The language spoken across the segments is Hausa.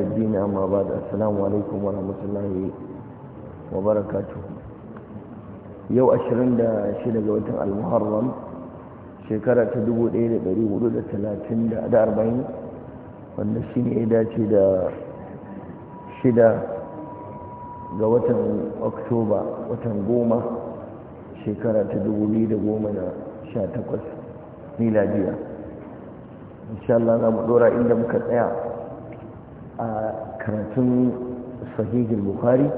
يوم الدين أما بعد السلام عليكم ورحمة الله وبركاته يو أشرين دا شيدا جواتن المحرم شكرا تدبو إيدا بري ولود الثلاثين دا دا أربعين والنشين إيدا شيدا شيدا جواتن أكتوبر وتن قومة شكرا تدبو إيدا قومة شاتكوس ميلادية إن شاء الله نمدورا إلا مكتئة a karatun sahihin bukhari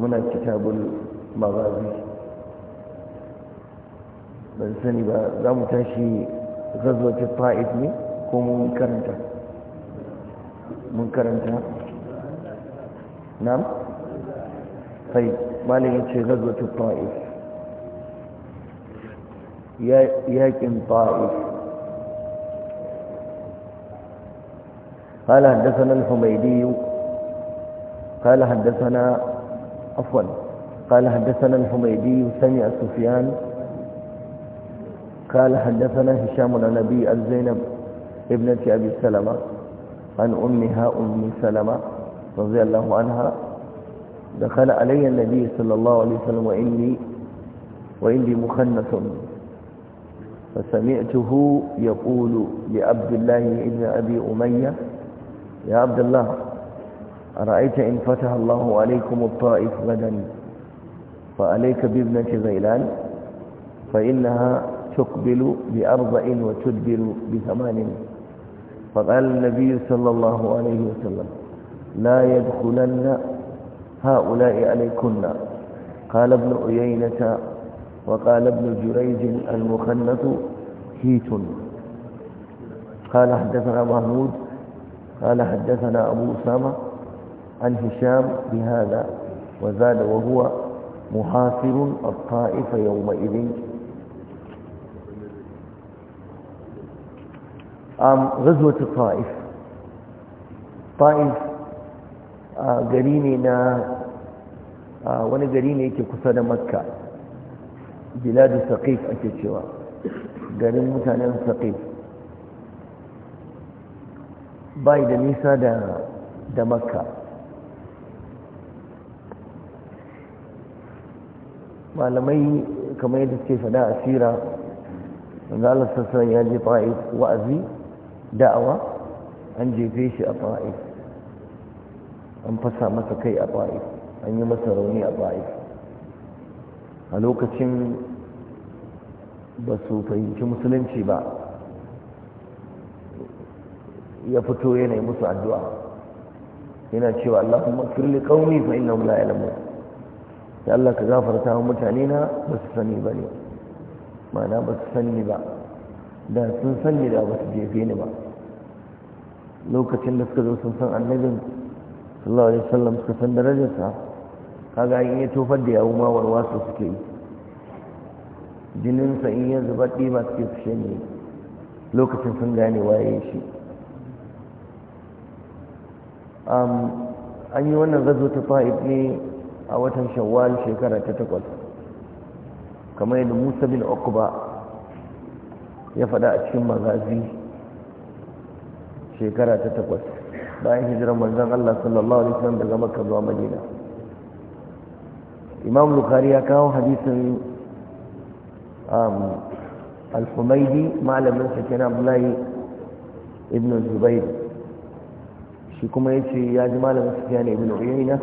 muna kitabul magazi ban sani ba za mu tashi gazzocin fa'id ne ko mun karanta mun karanta nam? sai malin ya ce gazzocin fa'id yakin fa'id قال حدثنا الحميدي قال حدثنا عفوا قال حدثنا الحميدي سمع سفيان قال حدثنا هشام النبي الزينب ابنة أبي سلمة عن أمها أم سلمة رضي الله عنها دخل علي النبي صلى الله عليه وسلم وإني وإني مخنث فسمعته يقول لعبد الله ابن أبي أمية يا عبد الله أرأيت إن فتح الله عليكم الطائف غدا فعليك بابنة غيلان فإنها تقبل بأربع وتدبر بثمان فقال النبي صلى الله عليه وسلم لا يدخلن هؤلاء عليكن قال ابن عيينة وقال ابن جريج المخنث هيت قال حدثنا محمود قال حدثنا أبو أسامة عن هشام بهذا وزاد وهو محاصر الطائف يومئذ أم غزوة الطائف طائف قريننا آه، آه، وانا قريني ايتي قصد مكة بلاد ثقيف اتشوا قرين متانا ثقيف bai da nisa da makka malamai kamar yadda suke fada a sira Allah sassan ya je ta'if wa'azi da'awa an jefe shi a ta'if an fasa masa kai a ta'if an yi masa rauni a ta'if a lokacin ba su fahimci musulunci ba ya fito yanayi musu addu'a yana cewa Allahumma firli kauni fa innahum la ya'lamun ya Allah ka gafarta wa mutane na ba su sani ba ne ma'ana ba su sani ba da sun sani da ba su jefe ni ba lokacin da suka zo sun san annabin sallallahu alaihi wasallam suka san darajarsa kaga in ya tofar da yawo ma warwaso suke yi jininsa in ya zuba ɗiba suke fushe ne lokacin sun gane waye shi an yi wannan gazo ta fa'id ne a watan shawwal shekara ta takwas kamar yadda musa bin okuba ya faɗa a cikin magazi shekara ta takwas bayan hijirar manzan allah sallallahu alaihi wasallam daga maka zuwa madina imam bukari ya kawo hadisin al malaminsa malamin sa kenan abdullahi ibn zubairu. shi kuma ya ce ya ji malamin ne ibi uyayna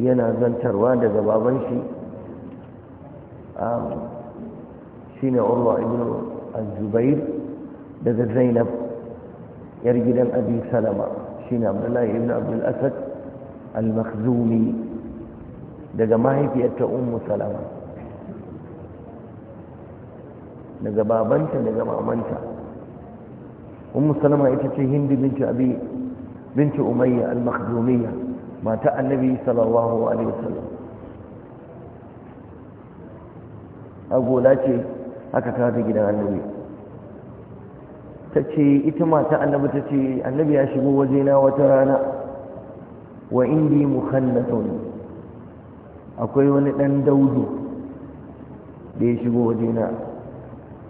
yana zantarwa daga baban shi ne urwa ibi al zubair daga zainab yar gidan abi salama ne abdullahi ibi abdul asad al-makhzumi daga mahaifiyarta ummu salama daga babanta daga mamanta ummu salama ita ce hindu binti abi binti umayya al-makhzumiyya mata annabi sallallahu alaihi wasallam agola ce aka kawo ta gidan annabi ta ce ita mata annabi ta ce annabi ya shigo wajena wata rana wa indi mukhannasun akwai wani dan daudu da ya shigo wajena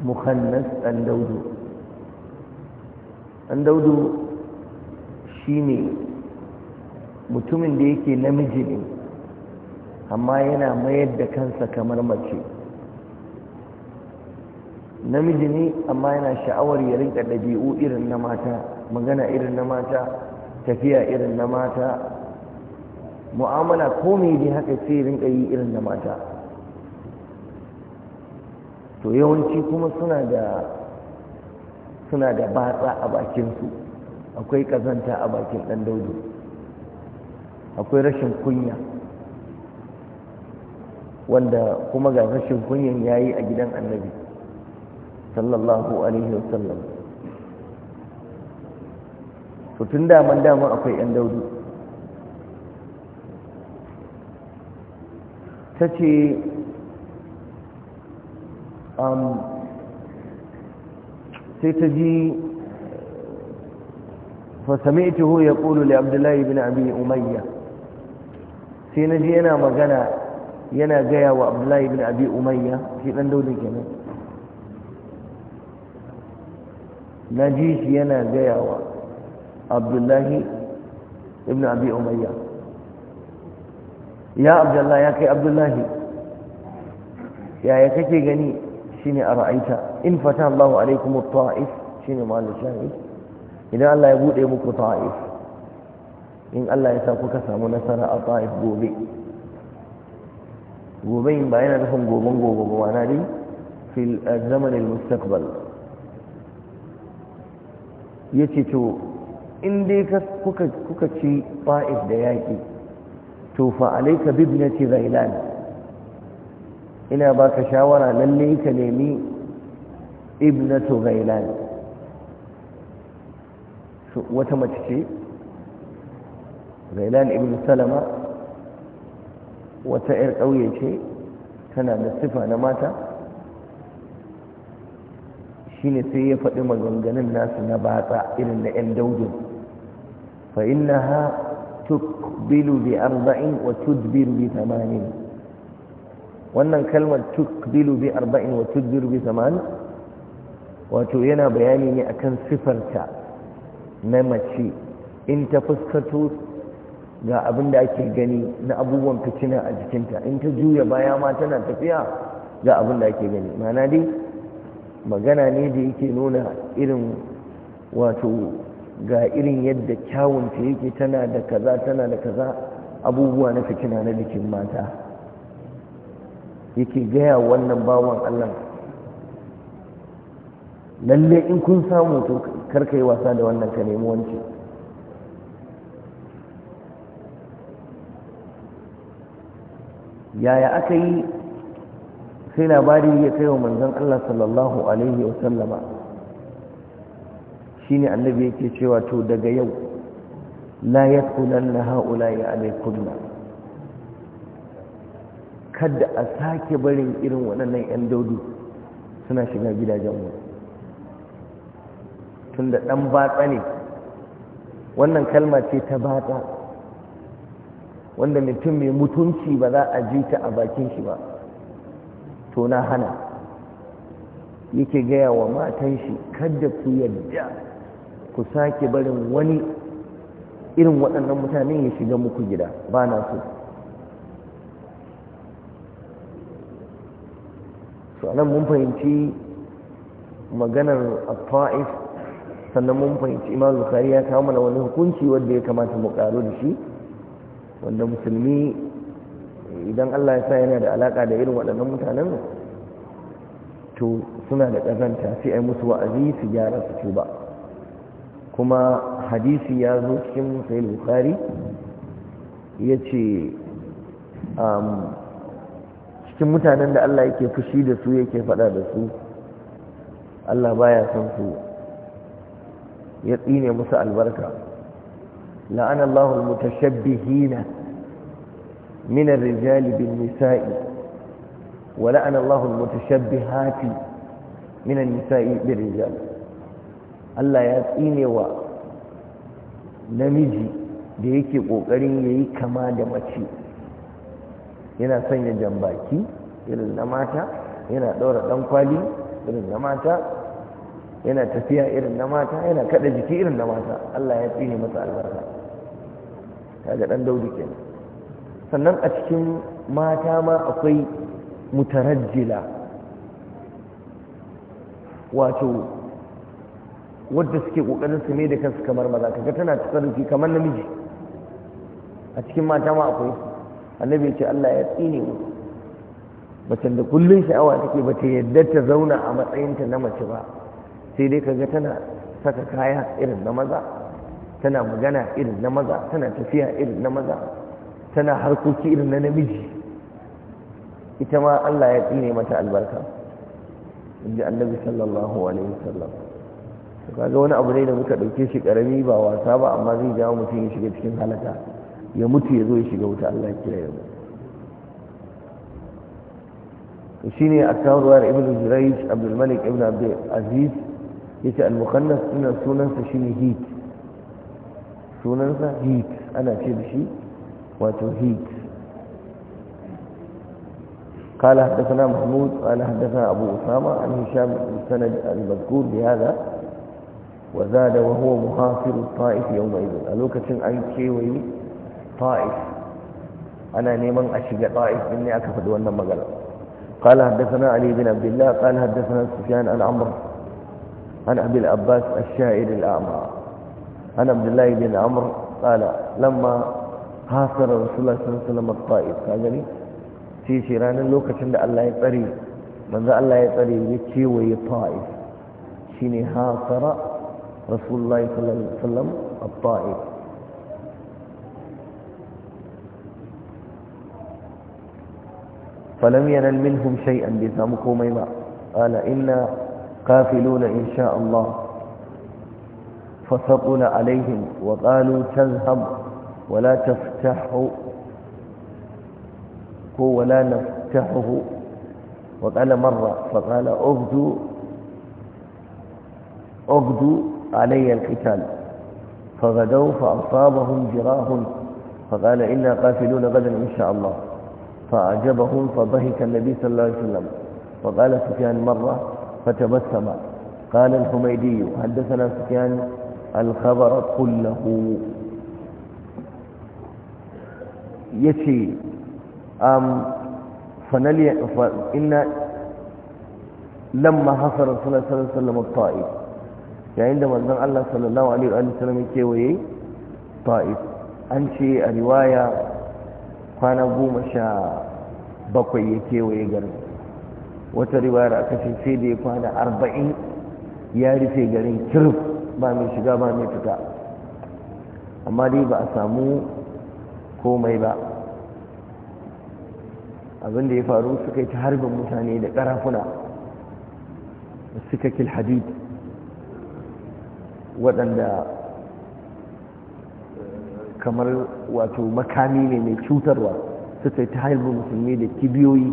mukhannas dan daudu an daudu shi ne mutumin da yake namiji ne amma yana mayar da kansa kamar mace namiji ne amma yana sha'awar ya rinka ɗabi'u irin na mata magana irin na mata tafiya irin na mata mu'amala ko me dai haka sai rinka yi irin na mata to yawanci kuma suna da suna da batsa a bakinsu akwai kazanta a bakin ɗan daudu akwai rashin kunya wanda kuma ga rashin kunyan ya yi a gidan annabi sallallahu alaihi wasallam to tun daman daman akwai 'yan daudu ta ce um, sai ta ji fasami'tuhu yaqulu li abdullahi bin abi umayya sai na ji yana magana yana gaya wa abdullahi bin abi umayya shi ɗan dauda kenan na ji shi yana gaya wa abdullahi ibn abi umayya ya abdullahi ya kai abdullahi yaya kake gani shine ra'aita in fata Allahu alaikum at-ta'if shine ma'al shahid idan Allah ya bude muku ta'if in Allah ya sa kuka samu nasara a ta'if gobe gobe in ba yana nufin goben gobe ba wana dai fil zaman al-mustaqbal yace to in dai kuka kuka ci ta'if da yaki to fa alayka bi ibnati zailan. ina baka shawara lalle ka nemi ibnatu ghailan wata mace ce ghailan ibn salama wata 'yar ƙauye ce tana da sifa na mata shine sai ya faɗi maganganun nasu na batsa irin na 'yan daudin fa innaha tukbilu bi arba'in wa tudbiru bi tamanin wannan kalmar tukbilu bi arba'in wa tudbiru bi saman wato yana bayani ne akan sifarta na mace in ta fuskato ga abin da ake gani na abubuwan fitina a jikinta in ta juya baya ma tana tafiya ga abin da ake gani mana dai magana ne da yake nuna irin wato ga irin yadda kyawunta yake tana da kaza tana da kaza abubuwa na fitina na jikin mata yake gaya wannan bawan Allah lalle in kun samu to karka yi wasa da wannan ka nemi wancan yaya aka yi sai labari ya kai wa manzon Allah sallallahu alaihi wa shi shine annabi yake cewa to daga yau la na haula ya alaikunan kada a sake barin irin waɗannan 'yan daudu suna shiga gidajenmu tun da ɗan batsa ne wannan kalma ce ta batsa wanda mutum mai mutunci ba za a ji ta a bakin shi ba to na hana yake gaya wa matan shi kada ku yadda ku sake barin wani irin waɗannan mutane ya shiga muku gida ba na so to anan mun fahimci maganar al fais sannan mun fahimci imam bukhari ya kawo mana wani hukunci wanda ya kamata mu karo da shi wanda musulmi idan Allah ya sa yana da alaka da irin waɗannan mutanen to suna da ƙazanta sai ai musu wa'azi su gyara su tuba kuma hadisi ya zo cikin sahih bukhari yace um, cikin mutanen da Allah yake fushi da su yake faɗa da su Allah baya son su ya tsine musu albarka la'ana Allahu al-mutashabbihina min ar-rijali bin nisa'i wa la'ana Allahu al-mutashabbihati min an-nisa'i bir rijal Allah ya tsine wa namiji da yake kokarin yayi kama da mace yana sanya jambaki irin na mata yana ɗaura ɗan kwali irin na mata yana tafiya irin na mata yana kaɗa jiki irin na mata Allah ya tsine masa albarka kaga ɗan daudu kenan sannan a cikin mata ma akwai mutarajjila wato wadda suke ƙoƙarin su mai da kansu kamar maza kaga tana tasarrufi kamar namiji a cikin mata ma akwai su annabi ce Allah ya tsine mu macen da kullun sha'awa take ba ta yadda ta zauna a matsayinta na mace ba sai dai kaga tana saka kaya irin na maza tana magana irin na maza tana tafiya irin na maza tana harkoki irin na namiji ita ma Allah ya tsine mata albarka inda annabi sallallahu alaihi wasallam kaga wani abu ne da muka dauke shi karami ba wasa ba amma zai jawo mutum ya shiga cikin halaka ya mutu ya zo ya shiga wuta Allah ya kiyaye mu to shine a kan ruwar ibnu zurayj abdul malik ibn abd aziz yace al mukhannas sunan sunansa shine heat sunansa heat ana ce da shi wato heat قال حدثنا محمود قال حدثنا أبو أسامة عن هشام السند المذكور بهذا وزاد وهو محاصر الطائف يومئذ ألوكة أن كيوي ta'if ana neman a shiga ta'if din ne aka faɗi wannan magana قال حدثنا علي بن عبد الله قال حدثنا سفيان عن عمرو عن أبي العباس الشاعر الأعمى عن عبد الله بن عمرو قال لما حاصر رسول الله صلى الله عليه وسلم الطائف كاجري في شيران da Allah ya tsare manzo Allah ya tsare ya kewaye shine hasara rasulullah sallallahu alaihi wasallam الطائف فلم ينل منهم شيئا bai samu قال إنا قافلون إن شاء الله Allah فثقل عليهم وقالوا تذهب ولا تفتحه ولا نفتحه وقال مرة فقال أغدو أغدو علي القتال فغدوا فأصابهم جراح فقال إنا قافلون غدا إن شاء الله فأعجبهم فضحك النبي صلى الله عليه وسلم وقال سفيان مرة فتبسم قال الحميدي حدثنا سفيان الخبر كله يتي أم فنلي فإن لما حصر رسول الله صلى الله عليه وسلم الطائف يعني عندما أذن الله صلى الله عليه وآله وسلم كيوي طائف أنشي رواية kwana goma sha bakwai ya kewaye garin wata riwayar aka ce sai da ya kwana arba'in ya rufe garin kirf ba mai shiga ba mai fita amma dai ba a samu komai ba abinda ya faru suka yi ta harbin mutane da ƙarafuna suka kil hadid waɗanda kamar wato makami ne mai cutarwa suka yi ta harbin musulmi da kibiyoyi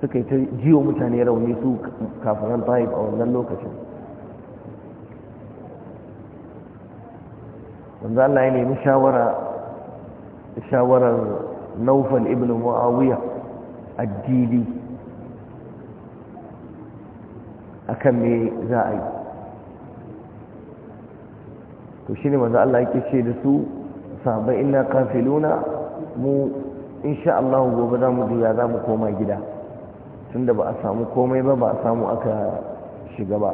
suka yi ta jiwo mutane rauni su kafinan taif a wannan lokacin wanda Allah ya nemi shawarar naufal ibn Muawiya addini akan me za a yi to shine manzo Allah yake ce da su sahabbai inna kafiluna mu insha Allah gobe za mu juya za mu koma gida tunda ba a samu komai ba ba a samu aka shiga ba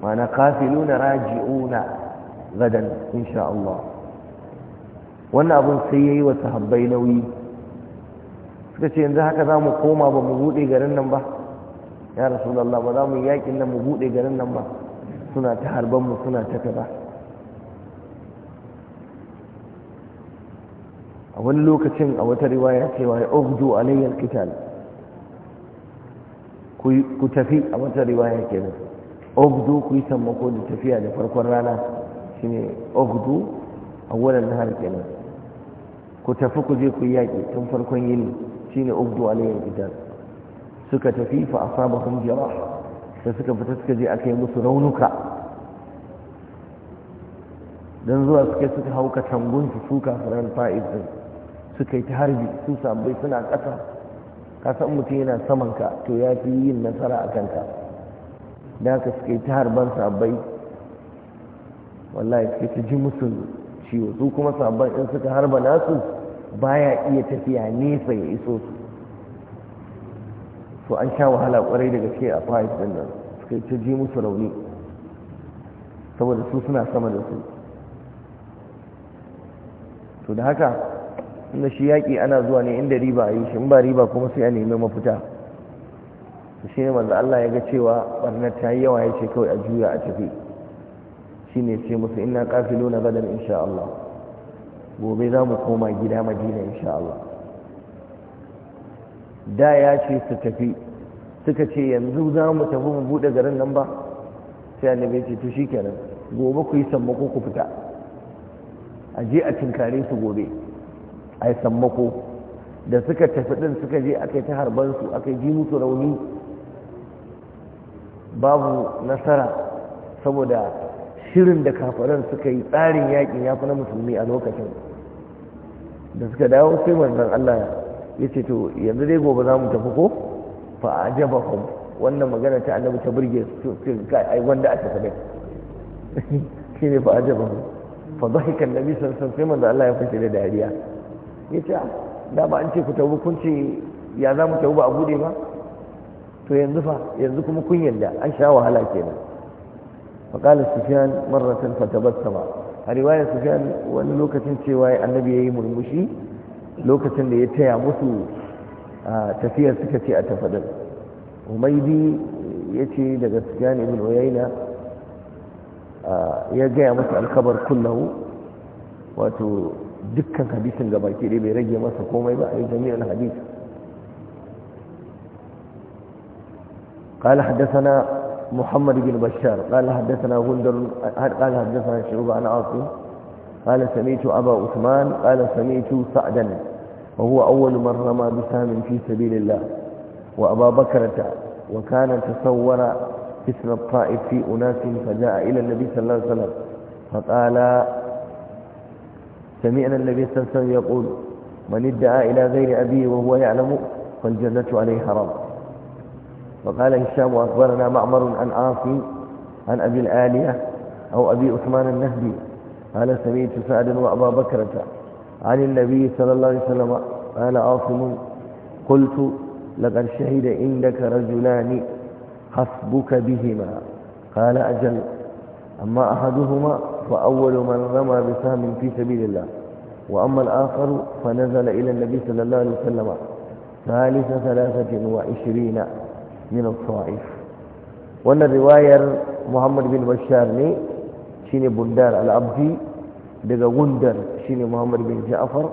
ma'ana kafiluna raji'una gadan insha Allah wannan abun sai yayi wa sahabbai nauyi suka ce yanzu haka za mu koma ba mu buɗe garin nan ba ya rasulullah ba za mu yi yakin nan mu buɗe garin nan ba suna ta harban mu suna ta kaza a wani lokacin a wata riwaya wa ya ogdu alayyar kital ku tafi a wata riwaya kenan ogdu ku yi sammako da tafiya da farkon rana shine ogdu a na harke kenan ku tafi ku je ku yi yaƙi tun farkon yini shine ogdu alayyar kital suka tafi fa asabahum jarah da suka fita suka je aka yi musu raunuka dan zuwa suke suka hauka tangun su suka faran fa'id din suka yi ta harbi su sabbai suna ƙasa ka san mutum yana saman ka to ya fi yin nasara a kanka da haka suka yi ta harban sabbai wallahi suka ta ji musu ciwo su kuma sabai in suka harba nasu baya iya tafiya nesa ya iso su to an sha wahala kwarai daga gaske a fahis din nan suka ta ji musu rauni saboda su suna sama da su to da haka inda shi yaƙi ana zuwa ne inda riba a yi shi in ba riba kuma sai a nemi mafita shi ne manzo Allah ya ga cewa barnar ta yi yawa ya ce kawai a juya a tafi shi ne ce musu ina ƙafilo na gadan insha Allah gobe za mu koma gida madina insha Allah da ya ce su tafi suka ce yanzu za mu tafi mu buɗe garin nan ba sai annabi ya ce to shikenan gobe ku yi sammako ku fita a je a tinkare su gobe ai sammako da suka tafi ɗin suka je aka yi ta harbansu aka yi ji musu rauni babu nasara saboda shirin da kafaran suka yi tsarin yakin ya fi na musulmi a lokacin da suka dawo sai wannan Allah ya ce to yanzu dai gobe za mu tafi ko fa ajabahum wannan magana ta annabi ta burge su kai ai wanda aka tafi ne fa ajabahum fa dhahika nabi sallallahu alaihi wasallam sai manzo Allah ya fashe da dariya ya ce ah, da ba an ce ku tauba hukunci ya za mu tauba a bude ba to yanzu fa yanzu kuma kun yanda an sha wahala kenan faƙala sufiyan marratan fatabassama a riwayar sufiyan wani lokacin cewa annabi ya yi murmushi lokacin da ya taya musu tafiyar suka ce a tafadin umaidi ya ce daga sufiyan ibn uyaina ya gaya musu alkabar kullahu wato dukkan hadisin ga baki ɗaya bai rage masa komai ba a yi jami'in hadis قال حدثنا محمد بن بشار قال حدثنا غندر قال حدثنا شعوب عن عاصم قال سميت أبا عثمان قال سميت سعدا وهو أول من رمى بسهم في سبيل الله وأبا بكر وكان تصور اسم الطائف في أناس فجاء إلى النبي صلى الله عليه وسلم فقال سمعنا النبي صلى الله عليه وسلم يقول من ادعى إلى غير أبيه وهو يعلم فالجنة عليه حرام وقال هشام أخبرنا معمر عن عاصي عن أبي الآلية أو أبي عثمان النهدي قال سمعت سعد وأبا بكرة عن النبي صلى الله عليه وسلم قال عاصم قلت لقد شهد عندك رجلان حسبك بهما قال أجل أما أحدهما فأول من رمى بسهم في سبيل الله وأما الآخر فنزل إلى النبي صلى الله عليه وسلم ثالث ثلاثة وعشرين من الصائف وأن الرواية محمد بن بشار لي شيني بندار العبدي دقا غندر شيني محمد بن جعفر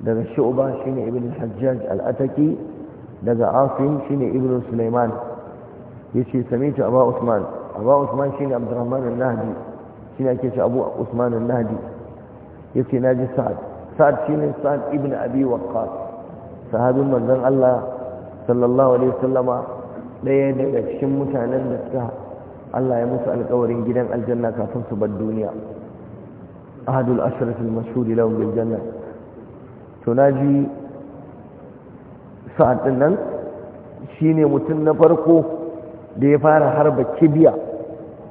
دقا شعبة شيني ابن الحجاج الأتكي دقا عاصم شيني ابن سليمان يشي سميته أبا عثمان أبا عثمان شيني عبد الرحمن النهدي shine ake shi abu usman al-nahdi yace naji sa'ad sa'ad shine sa'ad ibn abi waqqas sahabin manzon Allah sallallahu alaihi wasallama daya daga cikin mutanen da suka Allah ya musu alƙawarin gidan aljanna kafin su bar duniya ahadul ashraf al-mashhur lahum bil janna to naji sa'ad din nan shine mutum na farko da ya fara harba kibiya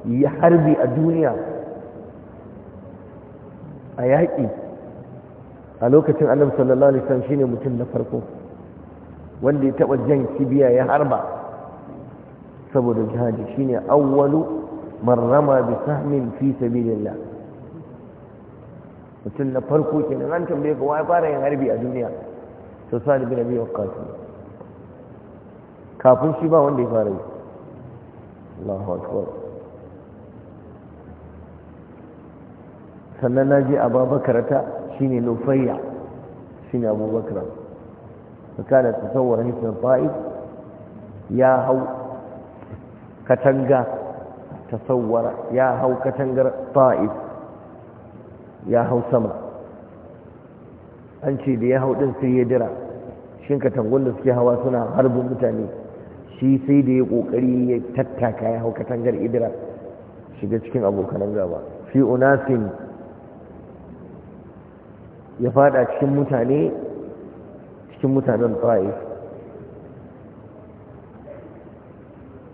ya harbi a duniya a yaƙi a lokacin annabi sallallahu alaihi wasallam shine mutum na farko wanda ya taba jan kibiya ya harba saboda jihadi shine awwalu man rama bi sahmin fi sabilillah mutum na farko kenan an tambaye ka wai fara yin harbi a duniya to sa'ad bin abi waqqas kafin shi ba wanda ya fara yi Allahu akbar sannan na je ababakar ta shine lufayya shine abubakar ta tasawwar hisar fa'id ya hau katanga tasawwara ya hau katangar fa'id ya hau sama an ce da ya hau din sai ya dira shin katangun da suke hawa suna harbin mutane shi sai da ya kokari ya tattaka ya hau katangar idira shiga cikin abokanan gaba fi unasin ya fada cikin mutane cikin mutanen ta'if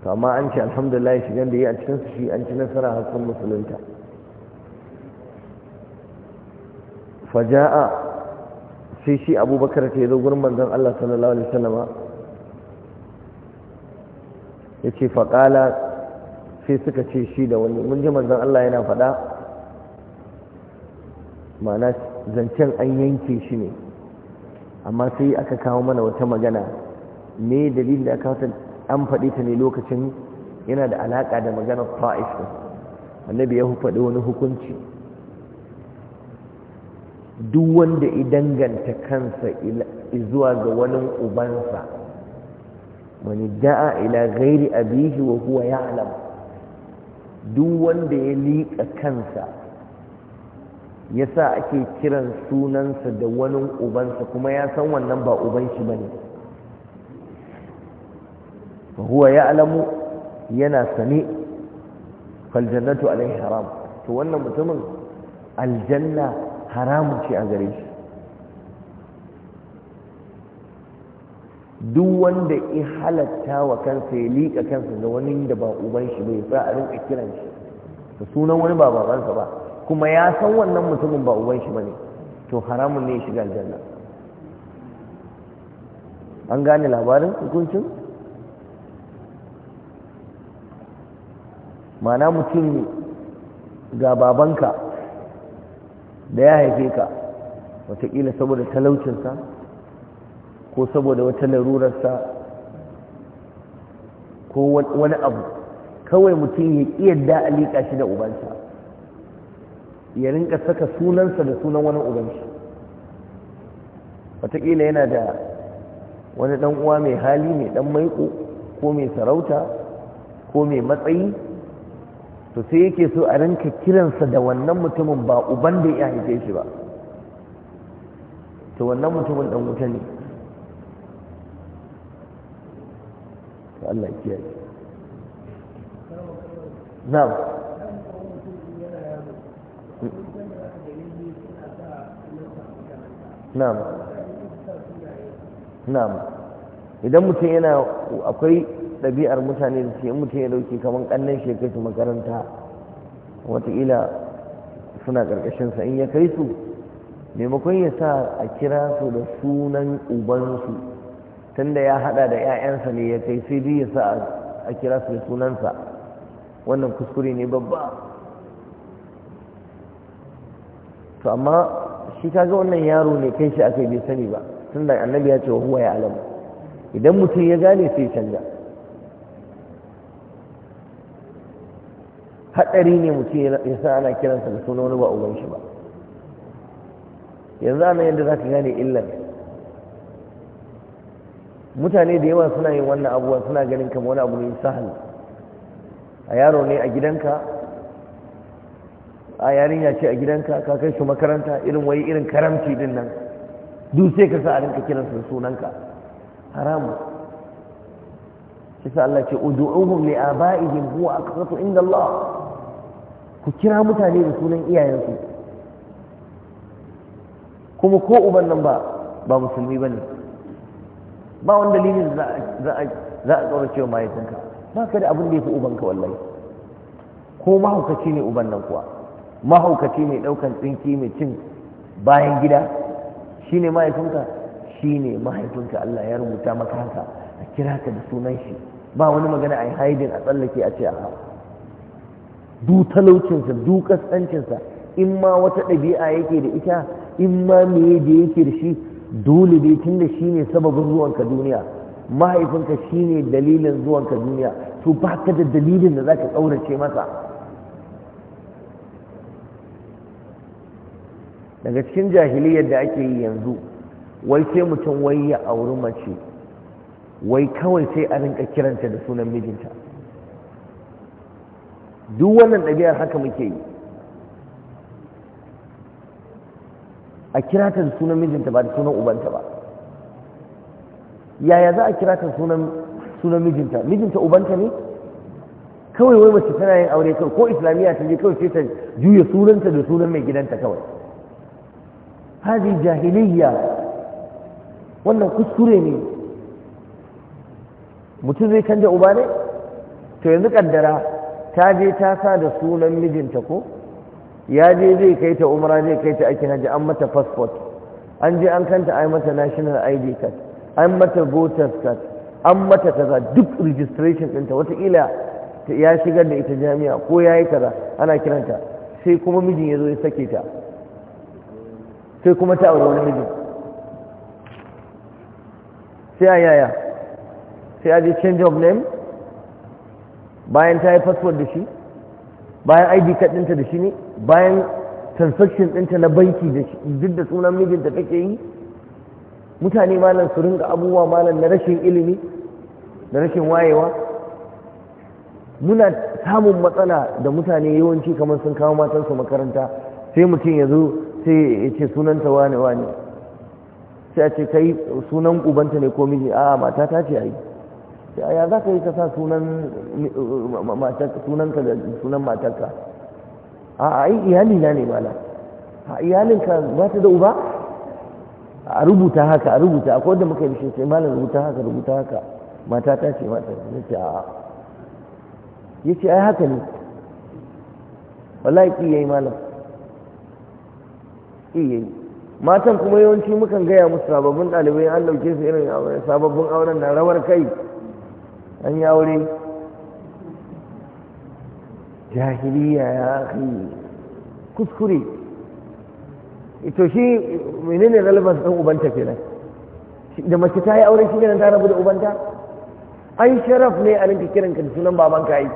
to amma an ce alhamdulillah shigan da yi a cikinsu shi an ci nasara hasken musulunta faja'a sai shi abubakar ta yi zo manzan Allah sallallahu alaihi salama ya ce faƙala sai suka ce shi da wani mun ji manzon Allah yana faɗa ma'ana zancen an yanke shi ne amma sai aka kawo mana wata magana me dalilin da aka an faɗi ta ne lokacin yana da alaƙa da maganar ta'if annabi ya faɗi wani hukunci duk wanda danganta kansa zuwa ga wani ubansa wani da'a ila gairi abihi wa huwa ya'lam duk wanda ya liƙa kansa ya sa ake kiran sunansa da wani ubansa kuma ya san wannan ba uban shi ba ne huwa ya alamu yana sane faljannatu alai haram to wannan mutumin aljanna haramun ce a gare shi duk wanda ya halatta wa kansa ya liƙa kansa da wani da ba uban shi bai sa a rinka kiran shi da sunan wani ba babansa ba kuma ya san wannan mutumin ba uban shi bane to haramun ne ya shiga aljanna an gane labarin hukuncin mana mutum ga babanka da ya haife ka watakila saboda talaucinsa ko saboda wata larurarsa ko wani abu kawai mutum ya ƙi yadda a liƙa shi da ubansa ya rinka saka sunansa da sunan wani ubanshi wataƙila yana da wani ɗan uwa mai hali mai ɗan maiko ko mai sarauta ko mai matsayi to sai yake so a rinka kiransa da wannan mutumin ba uban da ya haife shi ba to wannan mutumin ɗan wuta ne Allah ya kiyaye na'am na'am na'am idan mutum yana akwai ɗabi'ar mutane da sai mutum ya dauke kamar ƙannan shi kai su makaranta wataƙila suna ƙarƙashinsa in ya kai su maimakon ya sa a kira su da sunan ubansu tunda ya haɗa da 'ya'yansa ne ya kai sai dai ya sa a kira su da sunansa wannan kuskure ne babba to amma shi ka ga wannan yaro ne kai shi aka bai sani ba tunda annabi ya ce huwa ya alamu idan mutum ya gane sai canza. haɗari ne mutum ya sa ana kiransa da suna wani ba uban shi ba yanzu ana yadda za ka gane illar mutane da yawa suna yin wannan abubuwa suna ganin kama wani abu ne sahal a yaro ne a gidanka a yarinya ce a gidanka ka kai su makaranta irin wai irin karamci din nan duk sai ka sa a rinka kiran su sunanka haram kisa Allah ce ud'uhum li abaihim huwa aqsatu inda Allah ku kira mutane da sunan iyayensu kuma ko uban nan ba ba musulmi bane ba wanda dalilin za za za a cewa mai mahaifinka ba ka da abin da ya fi ka wallahi ko ma mahaukaci ne uban nan kuwa mahaukaci mai ɗaukan tsinki mai cin bayan gida shi ne mahaifinka shi ne mahaifinka Allah ya rubuta maka haka a kira ka da sunan shi ba wani magana a yi haidin a tsallake a ce a du talaucinsa du kasancinsa in ma wata ɗabi'a yake da ita in ma meye da yake da shi dole dai tun da shi ne sababin zuwanka duniya mahaifinka shi ne dalilin zuwanka duniya to ba ka da dalilin da za ka ƙaurace masa daga cikin jahiliyar da ake yi yanzu wai sai mutum wai ya auri mace wai kawai sai a rinka kiranta da sunan mijinta duk wannan ɗabi'ar haka muke yi a kira ta da sunan mijinta ba da sunan ubanta ba yaya za a kira ta sunan sunan mijinta mijinta ubanta ne kawai wai mace tana yin aure kawai ko islamiyya ta je kawai sai ta juya sunanta da sunan mai gidanta kawai هذه جاهلية wannan kuskure ne mutum zai canja uba ne to yanzu kaddara ta je ta sa da sunan mijinta ko ya je zai kai ta umara zai kai ta aikin hajji an mata fasfot an je an kanta ai mata national id card an mata voters card an mata kaza duk registration ɗinta wataƙila ya shigar da ita jami'a ko ya yi kaza ana kiranta sai kuma mijin ya zo ya sake ta sai kuma ta auri wani mijin sai a yaya sai a je change of name bayan ta yi passport da shi bayan id card ɗinta da shi ne bayan transaction ɗinta na banki da shi duk da sunan mijinta take yi mutane malam su ringa abubuwa malam na rashin ilimi da rashin wayewa muna samun matsala da mutane yawanci kamar sun kawo matansu makaranta sai mutum ya zo sai ya ce sunanta wane wane sai a ce kai sunan ƙubanta ne ko miji a mata ta ce ai sai ya za ka yi ka sa sunanka da sunan matarka a ai iyali na ne mala a iyalinka ba ta da uba a rubuta haka a rubuta akwai wadda muka yi shi sai malam rubuta haka rubuta haka mata ta ce mata ya ce a ya ce ai haka ne wallahi ki yayi malam iya yi matan kuma yawanci mukan gaya musu sababbin ɗalibai an ɗauke su irin sababbin auren na rawar kai an yi aure jahiliya ya kai kuskure ito shi menene relevance ɗin ubanta nan da mace ta yi aure shi kenan ta rabu da ubanta An sharaf ne a ninka kiran ka da sunan babanka yi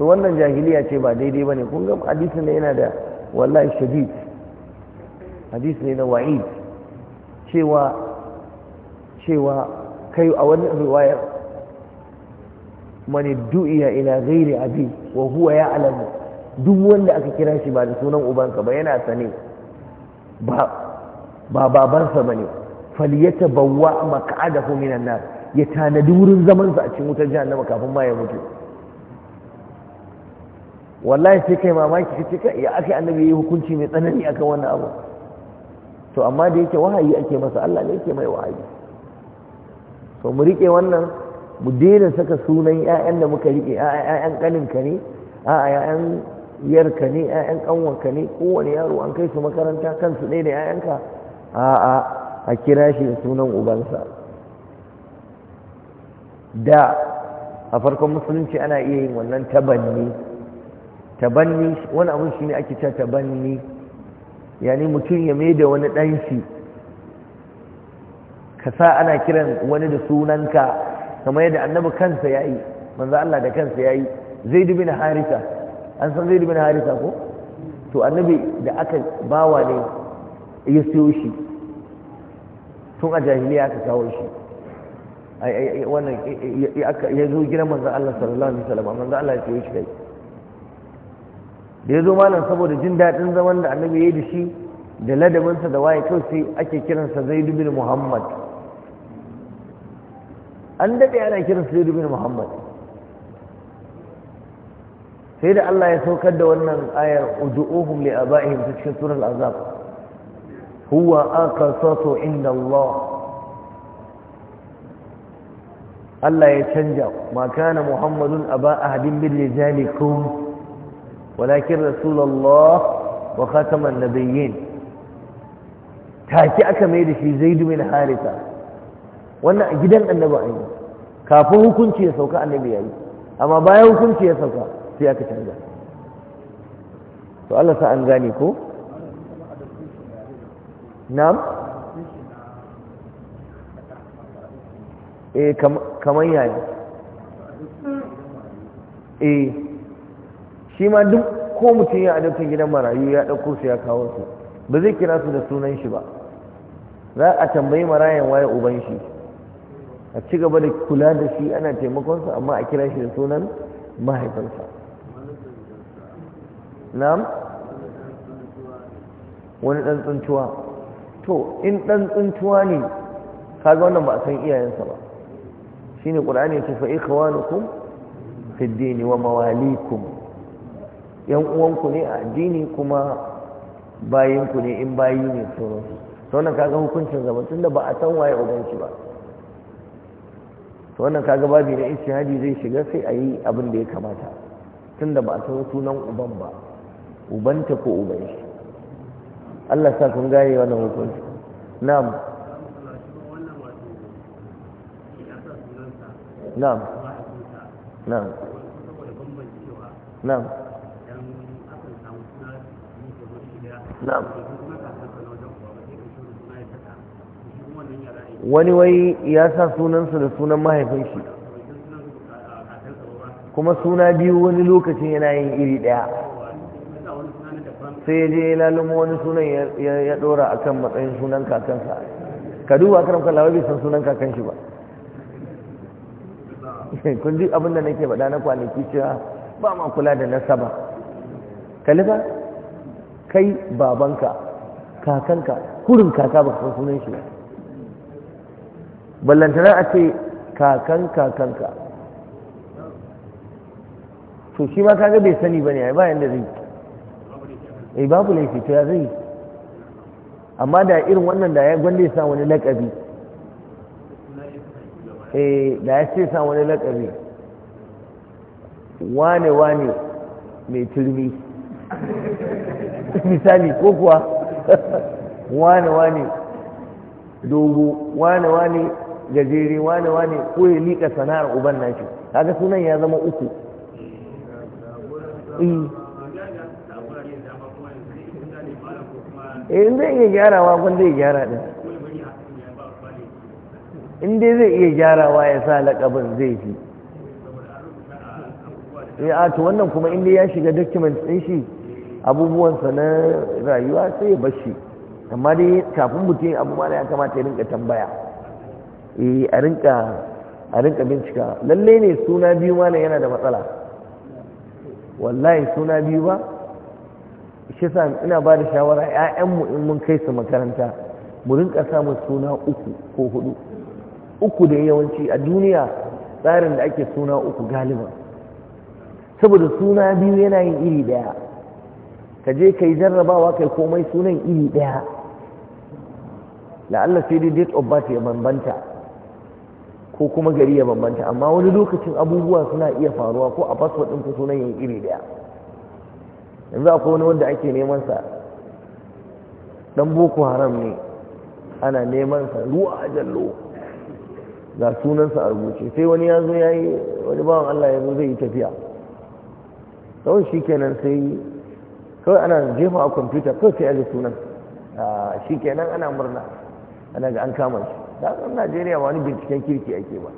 to wannan jahiliya ce ba daidai bane kun ga hadisin ne yana da wallahi shadid hadisi ne na wa'id cewa cewa kai a wani riwayar mani du'iya ila ghairi abi wa huwa alamu duk wanda aka kira shi ba da sunan ubanka ba yana sane ba ba faliyata bane maka da minan nar ya tanadi wurin zaman sa a cikin wutar jahannama kafin ma ya mutu wallahi sai kai mamaki kace ka ya aka annabi yayi hukunci mai tsanani akan wannan abu to amma da yake wahayi ake masa Allah ne yake mai wahayi to mu rike wannan mu daina saka sunan ƴaƴan da muka rike ƴaƴan kaninka ne a'a ƴaƴan yarka ne ƴaƴan kanwanka ne kowane yaro an kai su makaranta kansu ɗaya da 'ya'yanka. a'a a kira shi da sunan ubansa da a farkon musulunci ana iya yin wannan tabanni tabanni wani abun shi ne ake cewa tabanni yani mutum ya mai da wani ɗanshi ka sa ana kiran wani da sunanka kamar yadda annabi kansa ya yi manzo Allah da kansa ya yi zai dubi na harisa an san zai dubi na harisa ko to annabi da aka bawa ne ya siyo shi tun a jahiliya aka kawo shi wannan ya zo gidan manzo Allah sallallahu alaihi wasallam manzo Allah ya siyo shi kai da ya zo malam saboda jin daɗin zaman da annabi ya yi da shi da ladabinsa da waye kyau, sai ake kiransa zai bin muhammad an daɗe ana kiransa zai bin muhammad sai da Allah ya saukar da wannan ayar ud'uhum li aba'ihim ta cikin surar azab huwa aqsatu inda Allah Allah ya canja ma kana muhammadun aba ahadin min rijalikum walakin rasulullah wa khataman nabiyyin take aka mai da shi zaidu bin harisa wannan gidan annabi an kafin hukunci ya sauka annabi ya amma bayan hukunci ya sauka sai aka canza to Allah sa an gane ko Nam? eh kamar yaya eh shi ma duk ko mutum ya adaukan gidan marayu ya ɗauko su ya kawo su ba zai kira su da sunan shi ba za a tambayi marayan waye uban shi a ci gaba da kula da shi ana taimakonsa amma a kira shi da sunan mahaifinsa na'am wani ɗan tsuntuwa to in ɗan tsuntuwa ne kaga wannan ba a san iyayensa ba shine qur'ani ya ce fa ikhwanukum fi ad wa mawalikum yan uwanku ne a addini kuma bayinku ne in bayi ne sauransu ta wannan kaga hukuncin zaman tunda ba a san waye shi ba ta wannan kaga babi na istihadi zai shiga sai a yi abin da ya kamata tunda ba a san sunan uban ba ubanta ko uban shi Allah sa kun gane wannan hukunci na'am na'am na'am na'am wani wai ya sa sunansa da sunan mahaifin kuma suna biyu wani lokacin yana yin iri ɗaya sai ya je lalumo wani sunan ya ɗora a kan matsayin sunan kakansa ka duba karam kallawa bai san sunan kakanshi ba kundi abinda abin da nake bada na kwanaki cewa ba ma kula da nasaba kalifa kai babanka kakanka kurin kaka ba san sunan shi ballantana a ce kakan kakanka to shi ma kaga bai sani ba ne ai yanda da zai eh babu laifi to ya zai amma da irin wannan da ya gwanda ya sa wani lakabi eh da ya ce sa wani lakabi wane wane mai turmi misali ko kuwa wane wane dogo wane wane gajere wane wane ko ya liƙa sana'ar uban nashi kaga sunan ya zama uku eh, in zai iya gyarawa kun zai gyara ɗin in dai zai iya gyarawa ya sa laƙabin zai fi ya eh, to wannan kuma in dai ya shiga document ɗin shi abubuwansa na rayuwa sai ya bashi amma dai kafin mutum abu ma ya kamata ya rinka tambaya eh, a rinka bincika lallai ne suna biyu ma yana da matsala wallahi suna biyu ba shi sa ina ba da shawara ƴaƴanmu in mun kai su makaranta mu rinka samun suna uku ko hudu uku da yawanci a duniya tsarin da ake suna uku galiba saboda suna biyu yana yin iri daya ka je ka yi jarrabawa kai komai sunan iri ɗaya la'alla sai dai date of birth ya bambanta ko kuma gari ya bambanta amma wani lokacin abubuwa suna iya faruwa ko a passport ɗin ku sunan yin iri ɗaya yanzu akwai wani wanda ake neman sa dan boko haram ne ana neman sa ruwa a jallo ga sunan sa a rubuce sai wani ya zo ya yi wani bawan Allah ya zo zai yi tafiya kawai shi kenan sai kawai ana jefa a kwamfuta kawai sai yanzu ji sunan ah, shi kenan ana murna ana ga an kama shi da kan najeriya ba wani binciken kirki ake ba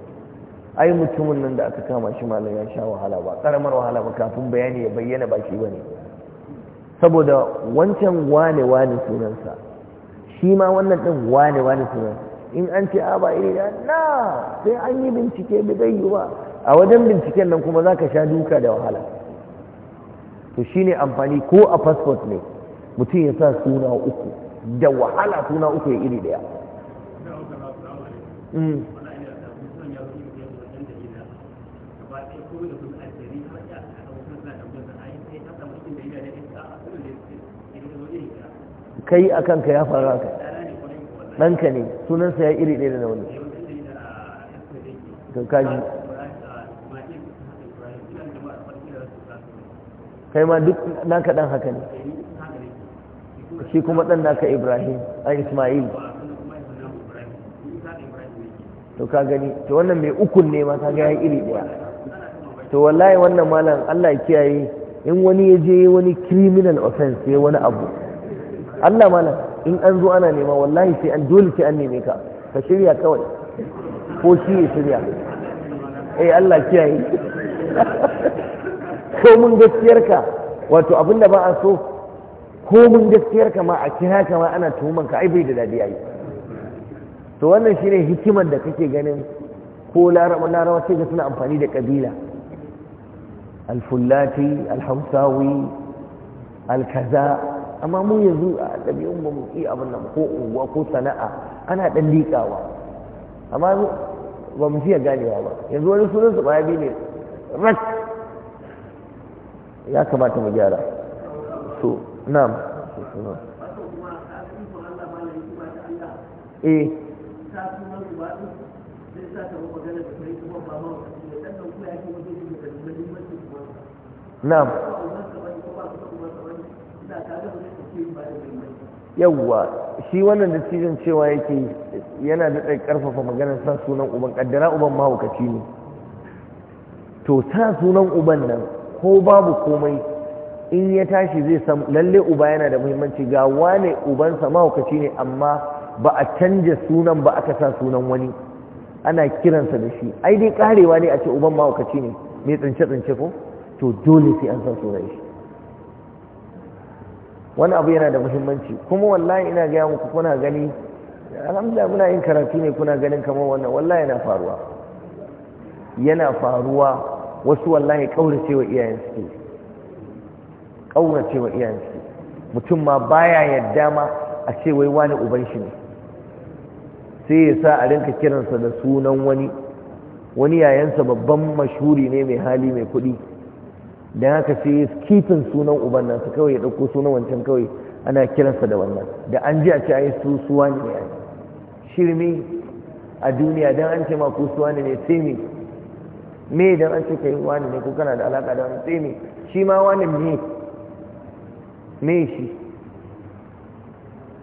ai mutumin nan da aka kama shi malam ya sha wahala ba karamar wahala ba kafin bayani ya bayyana ba shi bane saboda wancan wane wane sunansa shi ma wannan din wane wane sunan in an ce a ah, ba iri da na sai an yi bincike bai ba a wajen binciken nan kuma za ka sha duka da wahala to shine amfani ko a passport ne mutum ya sa suna uku da wahala suna uku ya iri daya mm. kai a kanka ya faru ka, ɗanka ne sunansa ya iri ɗaya da wani kaji kai ma duk naka dan haka ne shi kuma dan naka Ibrahim a Ismail to ka gani to wannan mai ukun ne ma kaga yayi iri daya to wallahi wannan malam Allah ya kiyaye in wani ya je wani criminal offense ya wani abu Allah malam in an zo ana nema wallahi sai an dole sai an neme ka ka shirya kawai ko shi ya shirya eh Allah kiyaye ko mun gaskiyarka wato abin da ba a so mun gaskiyarka ma a kira ka ma ana tuhuman ka ai bai da dadi ai to wannan shine hikimar da kake ganin ko laraba laraba sai ga suna amfani da kabila alfullati alhamsawi alkaza amma mu yanzu a ɗabi'un ba mu iya abin nan ko unguwa ko sana'a ana ɗan liƙawa amma ba mu fiye ganewa ba yanzu wani sunan su ɓaya ne rak ya kamata mu gyara so na'am eh na'am yawwa shi wannan da cizon cewa yake yana ɗai ƙarfafa maganar sa sunan uban ƙaddara uban mahaukaci ne to sa sunan uban nan ko babu komai in ya tashi zai san lalle uba yana da muhimmanci ga wane ubansa mahaukaci ne amma ba a canja sunan ba aka sa sunan wani ana kiransa da shi ai dai karewa ne a ce uban mahaukaci ne mai tsince-tsince ko to dole sai an san sunan shi wani abu yana da muhimmanci kuma wallahi ina gaya muku kuna gani alhamdulillah muna yin karatu ne kuna ganin kamar wannan wallahi yana faruwa yana faruwa wasu wallahi kaurace wa iyayen suke kaurace wa iyayen suke mutum ma baya yadda ma a ce wai wani uban shi ne sai ya sa a rinka kiransa da sunan wani wani yayansa babban mashuri ne mai hali mai kuɗi don haka sai ya kifin sunan uban nan su kawai ya ɗauko sunan wancan kawai ana kiransa da wannan da an ji a ce ai su suwa ne shirme a duniya don an ce ma ku suwa ne sai me me idan an ce kai wani ne ko kana da alaka da wani sai me shi ma wani ne me shi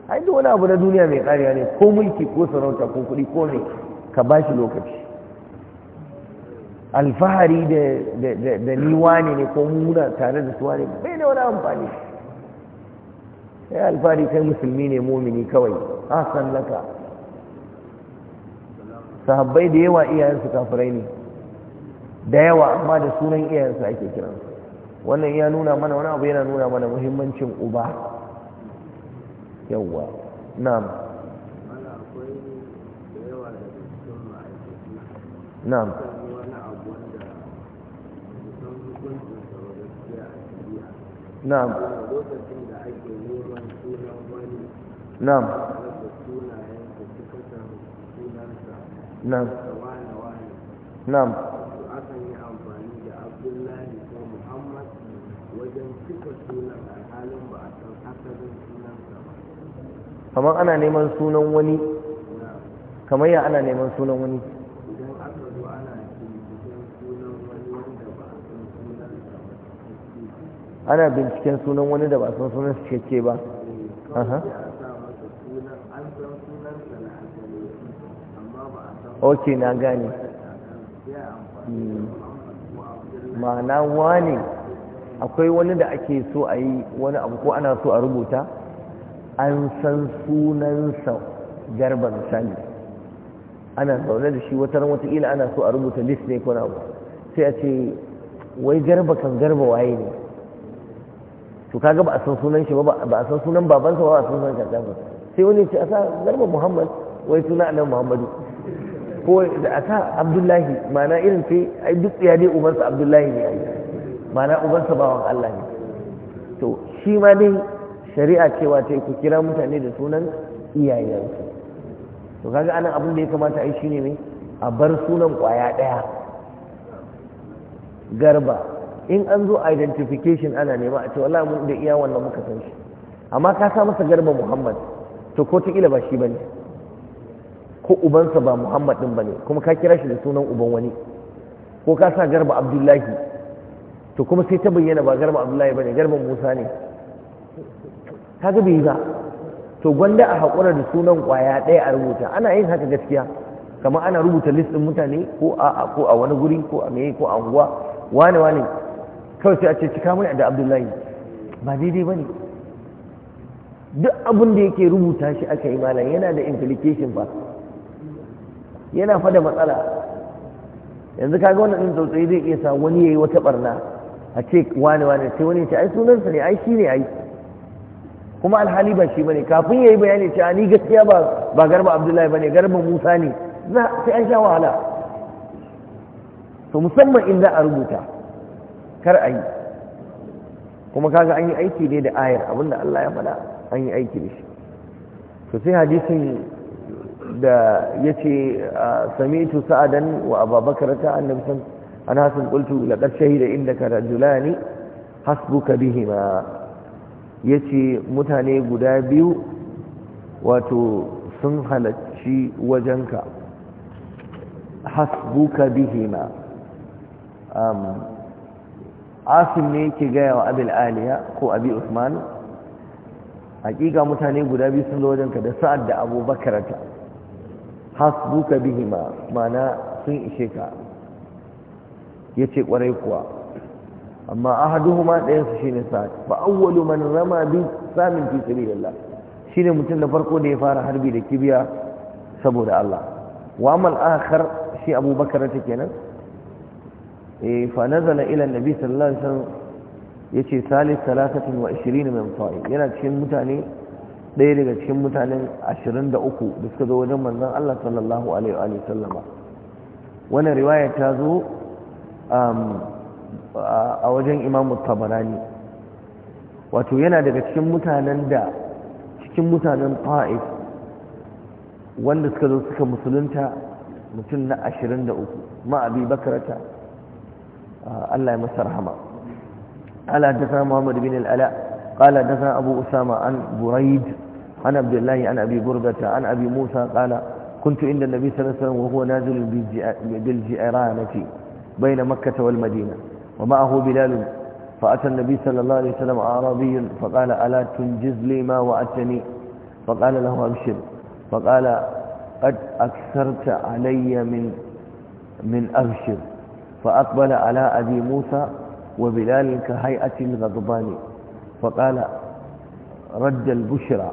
ai duk wani abu na duniya mai kariya ne ko mulki ko sarauta ko kuɗi ko ne ka ba shi lokaci alfahari da ni wane ne ko muna tare da su ne bai da wani amfani sai alfahari kai musulmi ne momini kawai asan laka sahabbai da yawa iyayensu kafirai ne da yawa amma da sunan iyayensu ake kira, wannan ya nuna mana wani abu yana nuna mana muhimmancin uba yawa na'am na'am na'am na'am na'am na'am wajen cika sunan a halin ba a san asalin sunan ba kamar ana neman sunan wani kamar ya ana neman sunan wani idan aka zo ana binciken sunan wani wanda ba a san sunansa ba ana binciken sunan wani da ba a san sunan su cece ba eh, ok na gane hmm. ma'ana wani akwai wani da ake so a yi wani abu ko ana so a rubuta an san sunansa garba misali ana zaune da shi wata ran watakila ana so a rubuta list ne ko na abu sai a ce wai garba kan garba waye ne to kaga ba a san sunan shi ba ba a san sunan babansa ba ba a san sunan kakan ba sai wani ce a sa garba muhammad wai suna annabi muhammadu ko da a sa abdullahi ma'ana irin sai ai duk ya dai umarsa abdullahi ne ai mana ubansa bawan Allah ne to shi ma dai shari'a cewa ta ku kira mutane da sunan iyayensu to kaga anan abin da ya kamata a yi shine ne a bar sunan kwaya daya garba in an zo identification ana nema a ce wallahi mun da iya wannan muka san shi amma ka sa masa garba Muhammad to ko ta ba shi bane ko ubansa ba Muhammad din bane kuma ka kira shi da sunan uban wani ko ka sa garba Abdullahi to kuma sai ta bayyana ba garba abdullahi bane garban musa ne kaga bai ba to gwanda a haƙura da sunan ƙwaya ɗaya a rubuta ana yin haka gaskiya kamar ana rubuta listin mutane ko a ko a wani guri ko a meye ko a unguwa Wani-wani. kawai sai a ce cika mun da abdullahi ba daidai ba ne duk abin da yake rubuta shi aka yi malam yana da implication ba yana fada matsala yanzu kaga wannan ɗin tsautsayi zai iya sa wani ya yi wata ɓarna a ce wane wane sai wani ce ai sunansa ne ai shi ne ai kuma alhali ba shi bane kafin yayi bayani ce ni gaskiya ba ba garba abdullahi bane garba musa ne sai an sha wahala to musamman in za a rubuta kar a yi kuma kaga an yi aiki ne da ayar abinda Allah ya faɗa an yi aiki da shi to sai hadisin da yace sami'tu sa'adan wa ababakar ta annabi sallallahu أنا da لقد شهد إنك رجلان hasbuka bihima yace mutane guda biyu wato sun halacci wajenka hasbuka bihima um asim ne yake gaya wa abil aliya ko abi usman hakika mutane guda biyu sun zo wajenka da sa'ad da ka hasbuka bihima mana sun ishe ka ya ce ƙwarai kuwa amma a haduhu ma ɗayansu shi ne sa'ad ba awwalu man rama bi samin fi sabilillah shi ne mutum na farko da ya fara harbi da kibiya saboda Allah wa amal akhar shi abubakar ta kenan eh fa nazala ila annabi sallallahu alaihi wasallam yace salis 23 min ta'if yana cikin mutane ɗaya daga cikin mutanen 23 da suka zo wajen manzon Allah sallallahu alaihi wa sallama wannan riwaya ta zo Um, a wajen imamu tabarani wato yana daga cikin mutanen da cikin mutanen ta'if wanda suka zo suka musulunta mutum na 23 ma abi bakarata uh, Allah ya masa rahama ala dasa muhammad bin al'ala qala dasa abu usama an buraid an abdullahi an abi burgata an abi musa qala كنت عند النبي صلى الله عليه وسلم وهو نازل بالجئرانة بين مكة والمدينة ومعه بلال فأتى النبي صلى الله عليه وسلم أعرابي فقال ألا تنجز لي ما وعدتني فقال له أبشر فقال قد أكثرت علي من من أبشر فأقبل على أبي موسى وبلال كهيئة الغضبان فقال رد البشرى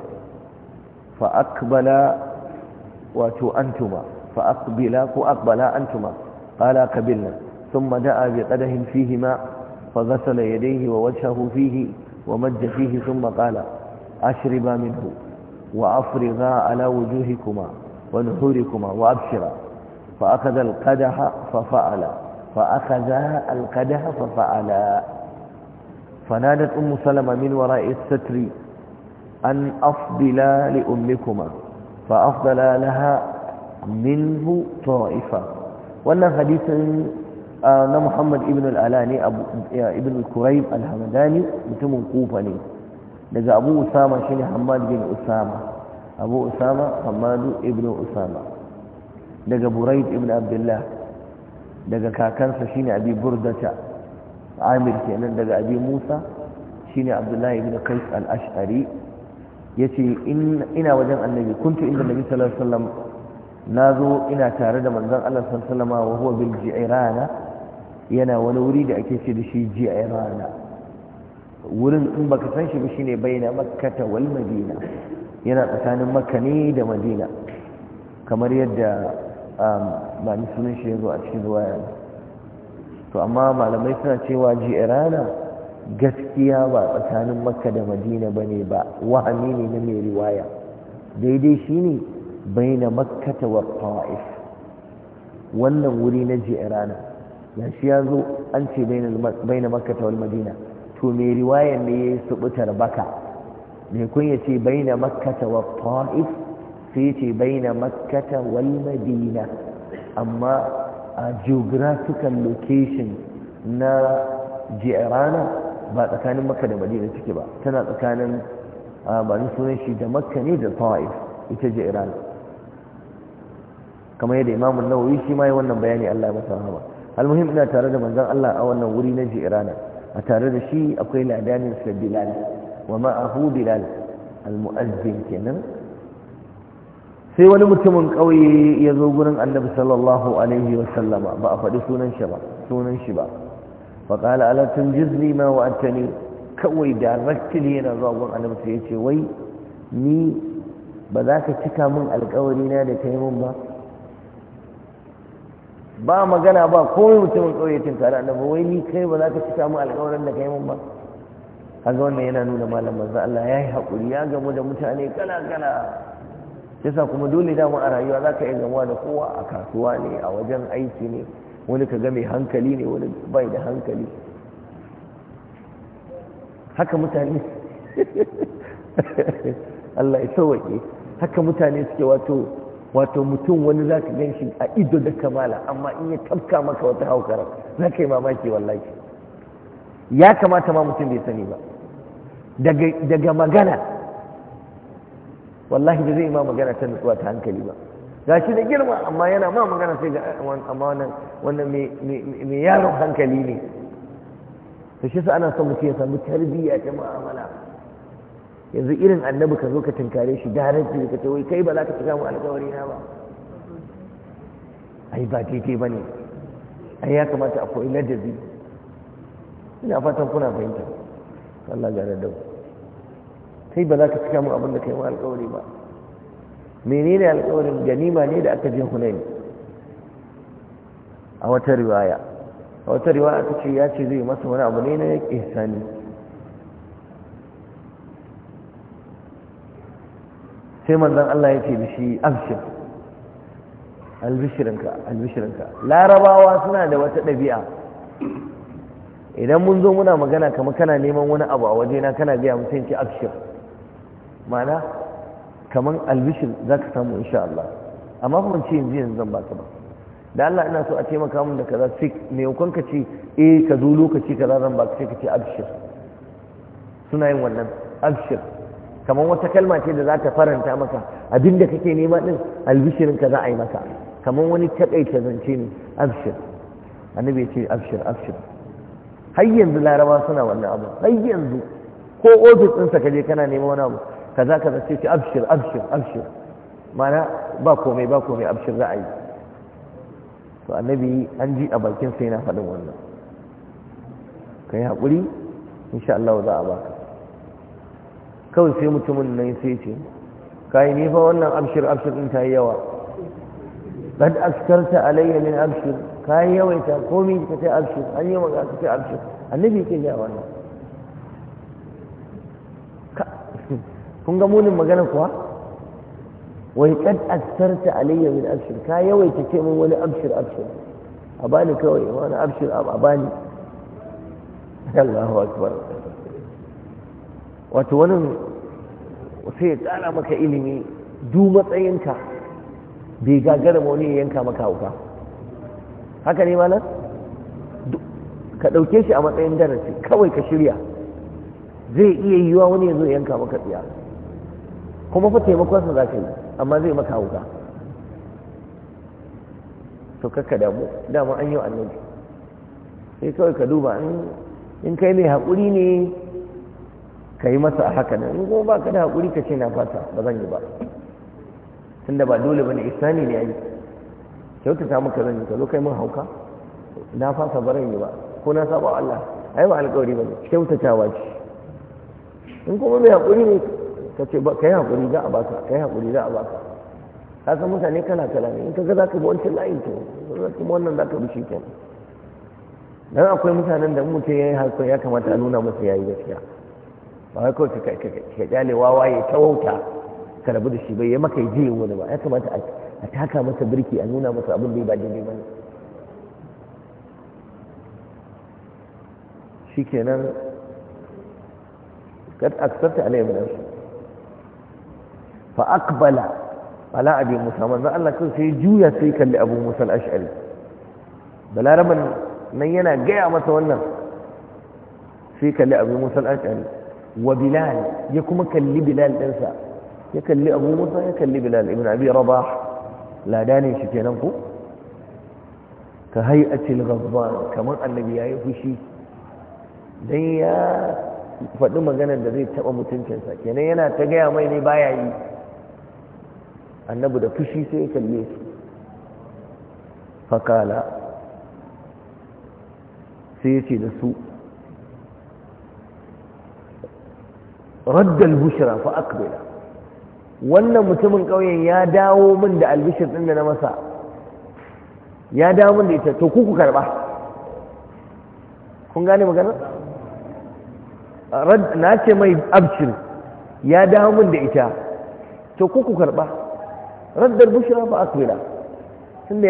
فأقبل وتؤنتما فأقبلا فأقبلا أنتما قال قبلنا ثم دعا بقدح فيه ماء فغسل يديه ووجهه فيه ومج فيه ثم قال أشربا منه وأفرغا على وجوهكما ونحوركما وأبشرا فأخذ القدح ففعل فأخذا القدح ففعل فنادت أم سلمة من وراء الستر أن أفضلا لأمكما فأفضلا لها منه طائفة وأن حديث na muhammad ibn al'ala ne ibn al-kuraib al-hamadani mutumin kufa ne daga abu usama shine hamad bin usama abu usama hamadu ibn usama daga buraid ibn abdullah daga kakansa shine abi burdata amir kenan daga abi musa shine abdullahi ibn qais al-ash'ari yace ina wajen annabi kuntu inda nabi sallallahu alaihi wasallam nazo ina tare da manzon Allah sallallahu alaihi wasallam wa huwa bil ji'rana yana wani wuri da ake ce da shi rana, wurin in baka san shi ba shine baina makkata wal madina yana tsakanin makka ne da madina kamar yadda um, ba ni sunan shi yazo a cikin ruwaya to amma malamai suna cewa rana, gaskiya ba tsakanin makka da madina ne ba wahami ne na mai riwaya daidai shine baina makkata wa ta'if wannan wuri na rana. gashi ya zo an ce baina makka ta wal madina to mai riwaya ne ya yi subutar baka mai kun ya ce baina makka ta wa ta'if sai ce baina makka ta wal madina amma a geographical location na jirana ba tsakanin makka da madina take ba tana tsakanin ba sunan shi da makka ne da ta'if ita jirana kamar yadda imamun nawawi shi ma yi wannan bayani Allah ya masa rahama almuhim ina tare da manzon Allah a wannan wuri na jirana a tare da shi akwai ladanin sa bilal wa ma'ahu bilal almu'azzin kenan sai wani mutumin ƙauye ya zo gurin annabi sallallahu alaihi wa sallama ba a faɗi sunan shi ba sunan shi ba fa qala ala tunjizni ma wa'atani kawai directly yana zuwa gurin annabi sai ya ce wai ni ba za ka cika min alƙawari na da kai mun ba ba magana ba komai mutumin ƙauye tare da annabi wai ni kai ba za ka cika mu alƙawarin da kai mun ba kaga wannan yana nuna malam manzo Allah ya yi haƙuri ya gamu da mutane kala kala yasa kuma dole dama a rayuwa za ka iya gamuwa da kowa a kasuwa ne a wajen aiki ne wani ka ga mai hankali ne wani bai da hankali haka mutane Allah ya sauwaƙe haka mutane suke wato wato mutum wani za ka gan shi a ido da kamala amma in ya tafka maka wata haukara za ka yi mamaki wallahi ya kamata ma mutum bai sani ba daga magana wallahi da zai ma magana ta nutsuwa ta hankali ba ga shi da girma amma yana ma magana sai ga amma wannan wannan mai yaron hankali ne to shi sa ana son mutum ya samu tarbiyya ta mu'amala yanzu irin annabi ka zo ka tunkare shi da haranci ka ce wai kai ba za ka ci samu alƙawari na ba ai ba titi ba ne ai ya kamata a koyi ladabi ina fatan kuna fahimta Allah ga da kai ba za ka cika mu abin da kai ma alƙawari ba menene alƙawarin ganima ne da aka je hunain a wata riwaya a wata riwaya ta ce ya ce zai masa wani abu ne na ihsani sai manzan Allah ya ce shi abshir albishirinka albishirinka larabawa suna da wata ɗabi'a idan mun zo muna magana kamar kana neman wani abu a wajena kana gaya mutum ce abshir ma'ana kamar albishir za ka samu insha Allah amma kuma ce yanzu yanzu zan baka ba da Allah ina so a taimaka mun da kaza sai me kun ka ce eh ka zo lokaci kaza zan baka sai ka ce abshir suna yin wannan abshir kamar wata kalma ce da za ta faranta maka abin da kake nema din albishirin ka za a yi maka kamar wani takaita zance ne abshir annabi ya ce abshir abshir har yanzu laraba suna wannan abu har yanzu ko ofis ɗinsa ka je kana neman wani abu kaza kaza sai ce abshir abshir abshir mana ba komai ba komai abshir za a yi to annabi an ji a bakin sai na faɗin wannan kai haƙuri insha Allah za a baka kawai sai mutumin nan sai ce kai ni fa wannan abshir abshir din ta yawa kad askarta alayya min abshir kai yawaita komai ka ce abshir an yi magana ka ce abshir annabi yake ya wannan kun ga munin magana kuwa wai kad askarta alayya min abshir ka yawaita ce mun wani abshir abshir a bani kawai wani abshir a bani Allahu akbar wato wannan sai ya tsara maka ilimi du matsayinka bai gagara ma wani yanka maka hauka haka ne malam ka ɗauke shi a matsayin darasi kawai ka shirya zai iya yiwa wani ya zo yanka maka tsiya kuma fa taimakonsa za ka yi amma zai maka hauka to kakka damu dama an yi annabi sai kawai ka duba in kai mai haƙuri ne ka yi masa a haka nan in kuma ba ka da haƙuri ka ce na fasa ba zan yi ba tunda ba dole ba ne isani ne ai kyautata maka zan yi ka zo kai min hauka na fasa ba zan yi ba ko na saba Allah ai ba alƙawari ba ne kyautatawa ce in kuma mai haƙuri ne ka ce ka yi haƙuri za a baka ka yi haƙuri za a baka ka san mutane kala kala ne in ka ga za ka bi wancan layin to kuma wannan za ka bi shi kenan dan akwai mutanen da mutum ya yi haƙuri ya kamata a nuna masa ya yi gaskiya ba wai kawai ka kyale wawa ya ta wauta ka rabu da shi bai ya maka yi wani ba ya kamata a taka masa birki a nuna masa abin da ya ba daidai ba shi kenan kad aksarta alayhi min fa aqbala ala abi musa manzo Allah kan ya juya sai kalli abu musa al-ash'ari balaraban nan yana gaya masa wannan sai kalli abu musa al-ash'ari wa bilal ya kuma kalli bilal ɗinsa ya kalli abu musa ya kalli bilal ibn abi rabah ladanin shi kenan ku ka hay'atil ghadban kamar annabi yayi fushi dan ya faɗi maganar da zai taɓa mutuncinsa kenan yana ta gaya mai ne baya yi annabi da fushi sai ya kalle su fakala sai ya ce da su raddal bushra fa wannan mutumin ƙauyen ya dawo min da albishir na masa ya dawo min da ita to ku ku kun gane magana na mai abshir ya dawo min da ita to ku ku karɓa raddar bushra fa akwila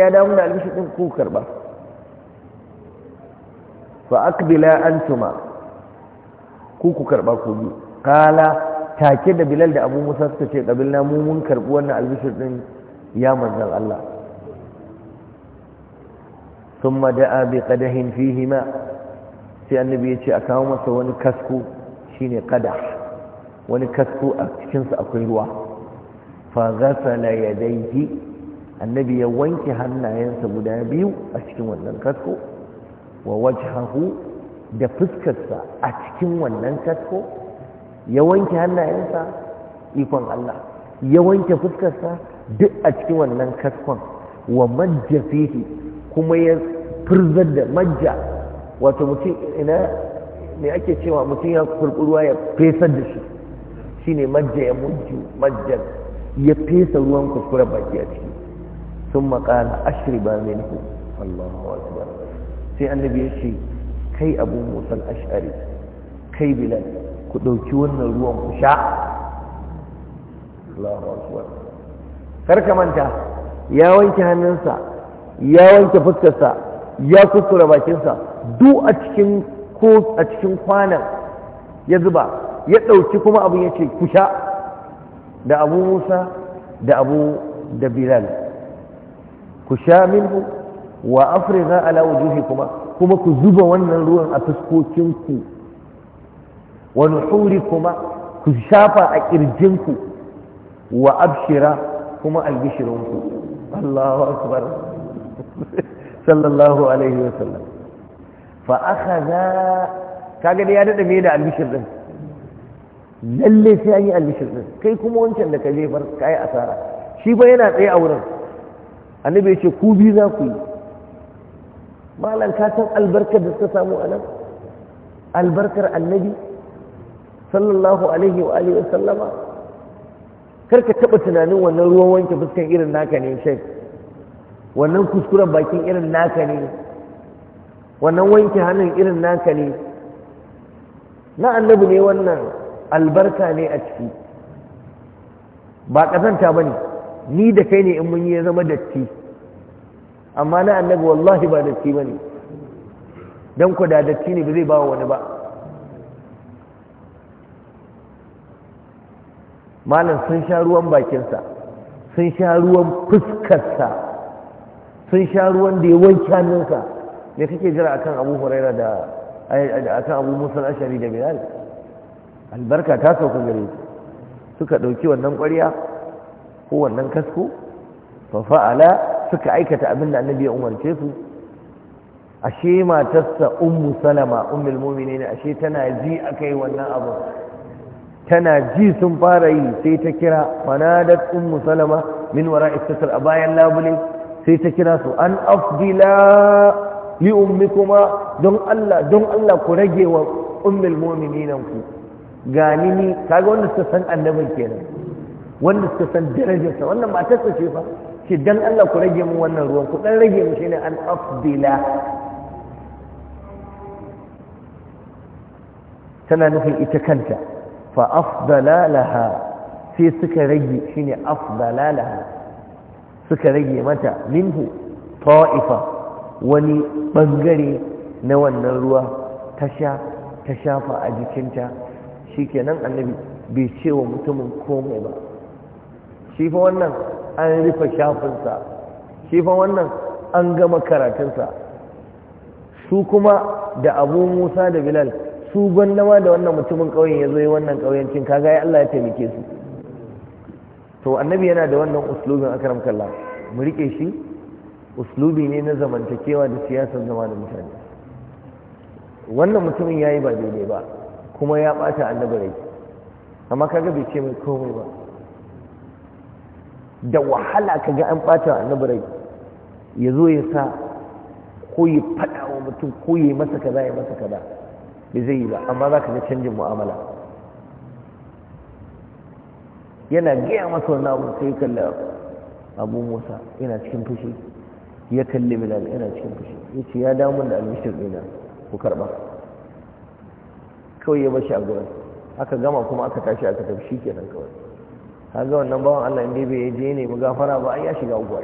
ya dawo min da albishir ɗin ku karɓa fa akbila antuma ku ku karɓa ku biyu kala take da bilal da abu musa suka ce ƙabila mu mun karɓi wannan albishir ɗin ya manzan allah sun da'a bi ƙadahin fihi ma sai annabi ya ce a kawo masa wani kasko shine ƙada wani kasku a cikinsa akwai ruwa fa gasala ya daiji annabi ya wanke hannayensa guda biyu a cikin wannan kasko wa wajhahu da fuskarsa a cikin wannan kasko ya wanke hannayensa ikon Allah ya wanke fuskarsa duk a cikin wannan kaskon wa majja fihi kuma ya furzar da majja wato mutum ina me ake cewa mutum ya kurkuruwa ya fesar da shi shine majja ya mujju majjan ya fesa ruwan kuskuren baki a ciki sun makala ashriba minhu Allahu akbar sai annabi ya ce kai abu musal ash'ari kai bilal ku ɗauki wannan ruwan ku sha kar ka manta ya wanke hannunsa ya wanke fuskarsa ya kuskura bakinsa duk a cikin ko a cikin kwanan ya zuba ya ɗauki kuma abin ya ce ku sha da abu musa da abu da bilal ku sha minhu wa afirka ala wujuhi kuma kuma ku zuba wannan ruwan a fuskokinku wa kuma ku shafa a kirjinku wa abshira kuma albishirinku Allahu akbar sallallahu alaihi wa sallam fa akhadha kaga da ya dade me da albishir din lalle sai an yi albishir din kai kuma wancan da ka jefar kai asara shi ba yana tsaye a wurin annabi ya ce ku bi za ku yi malam ka san albarkar da suka samu anan albarkar annabi sallallahu alaihi wa alihi wasallama karka taba tunanin wannan ruwan wanke fuskan irin naka ne shek wannan kuskuren bakin irin naka ne wannan wanke hannun irin naka ne na annabi ne wannan albarka ne a ciki ba kazanta bane ni da kai ne in mun yi ya zama datti amma na annabi wallahi ba datti bane dan ku da datti ne ba zai ba wani ba malam sun sha ruwan bakinsa sun sha ruwan fuskarsa sun sha ruwan da ya wanke hannunsa me kake jira akan abu huraira da akan abu musul ashari da bilal albarka ta sauka gare suka ɗauki wannan ƙwarya ko wannan kasko fa fa'ala suka aikata abin da annabi ya umarce su ashe matarsa ummu salama ummul mu'minin ashe tana ji akai wannan abu tana ji sun fara yi sai ta kira fanadat ummu musalama min wara istatar a bayan labule sai ta kira su an afdila li ummikuma don Allah don Allah ku rage wa ummul mu'minin ku gani ni kaga wanda suka san annabin kenan wanda suka san darajarsa wannan ba ta ce fa ce dan Allah ku rage mu wannan ruwan ku dan rage mu shine an afdila tana nufin ita kanta fa afdala laha sai suka rage shine afdala laha suka rage mata minhu ta'ifa wani bangare na wannan ruwa ta sha ta shafa a jikinta shi nan annabi bai ce wa mutumin komai ba shi fa wannan an rufe shafinsa shi fa wannan an gama karatunsa su kuma da abu musa da bilal su gwannama da wannan mutumin ƙauyen ya zo yi wannan ƙauyencin kaga ya Allah ya taimake su to annabi yana da wannan uslubin akram kallah mu rike shi uslubi ne na zamantakewa da siyasar zama da mutane wannan mutumin ya yi ba daidai ba kuma ya ɓata annabi rai amma kaga bai ce mai komai ba da wahala ka ga an ɓata annabi rai ya zo ya sa ko ya faɗa wa mutum ko ya masa kaza ya masa kaza bai zai yi ba amma za ka ga canjin mu'amala yana gaya masa wani abu sai kalla abu musa yana cikin fushi ya kalli bilal yana cikin fushi ya ce ya damu da almishir ɗina ku karɓa kawai ya bashi a gurin aka gama kuma aka tashi aka tafi shi kenan kawai ga wannan bawan allah inda bai je ne mu gafara ba ya shiga uku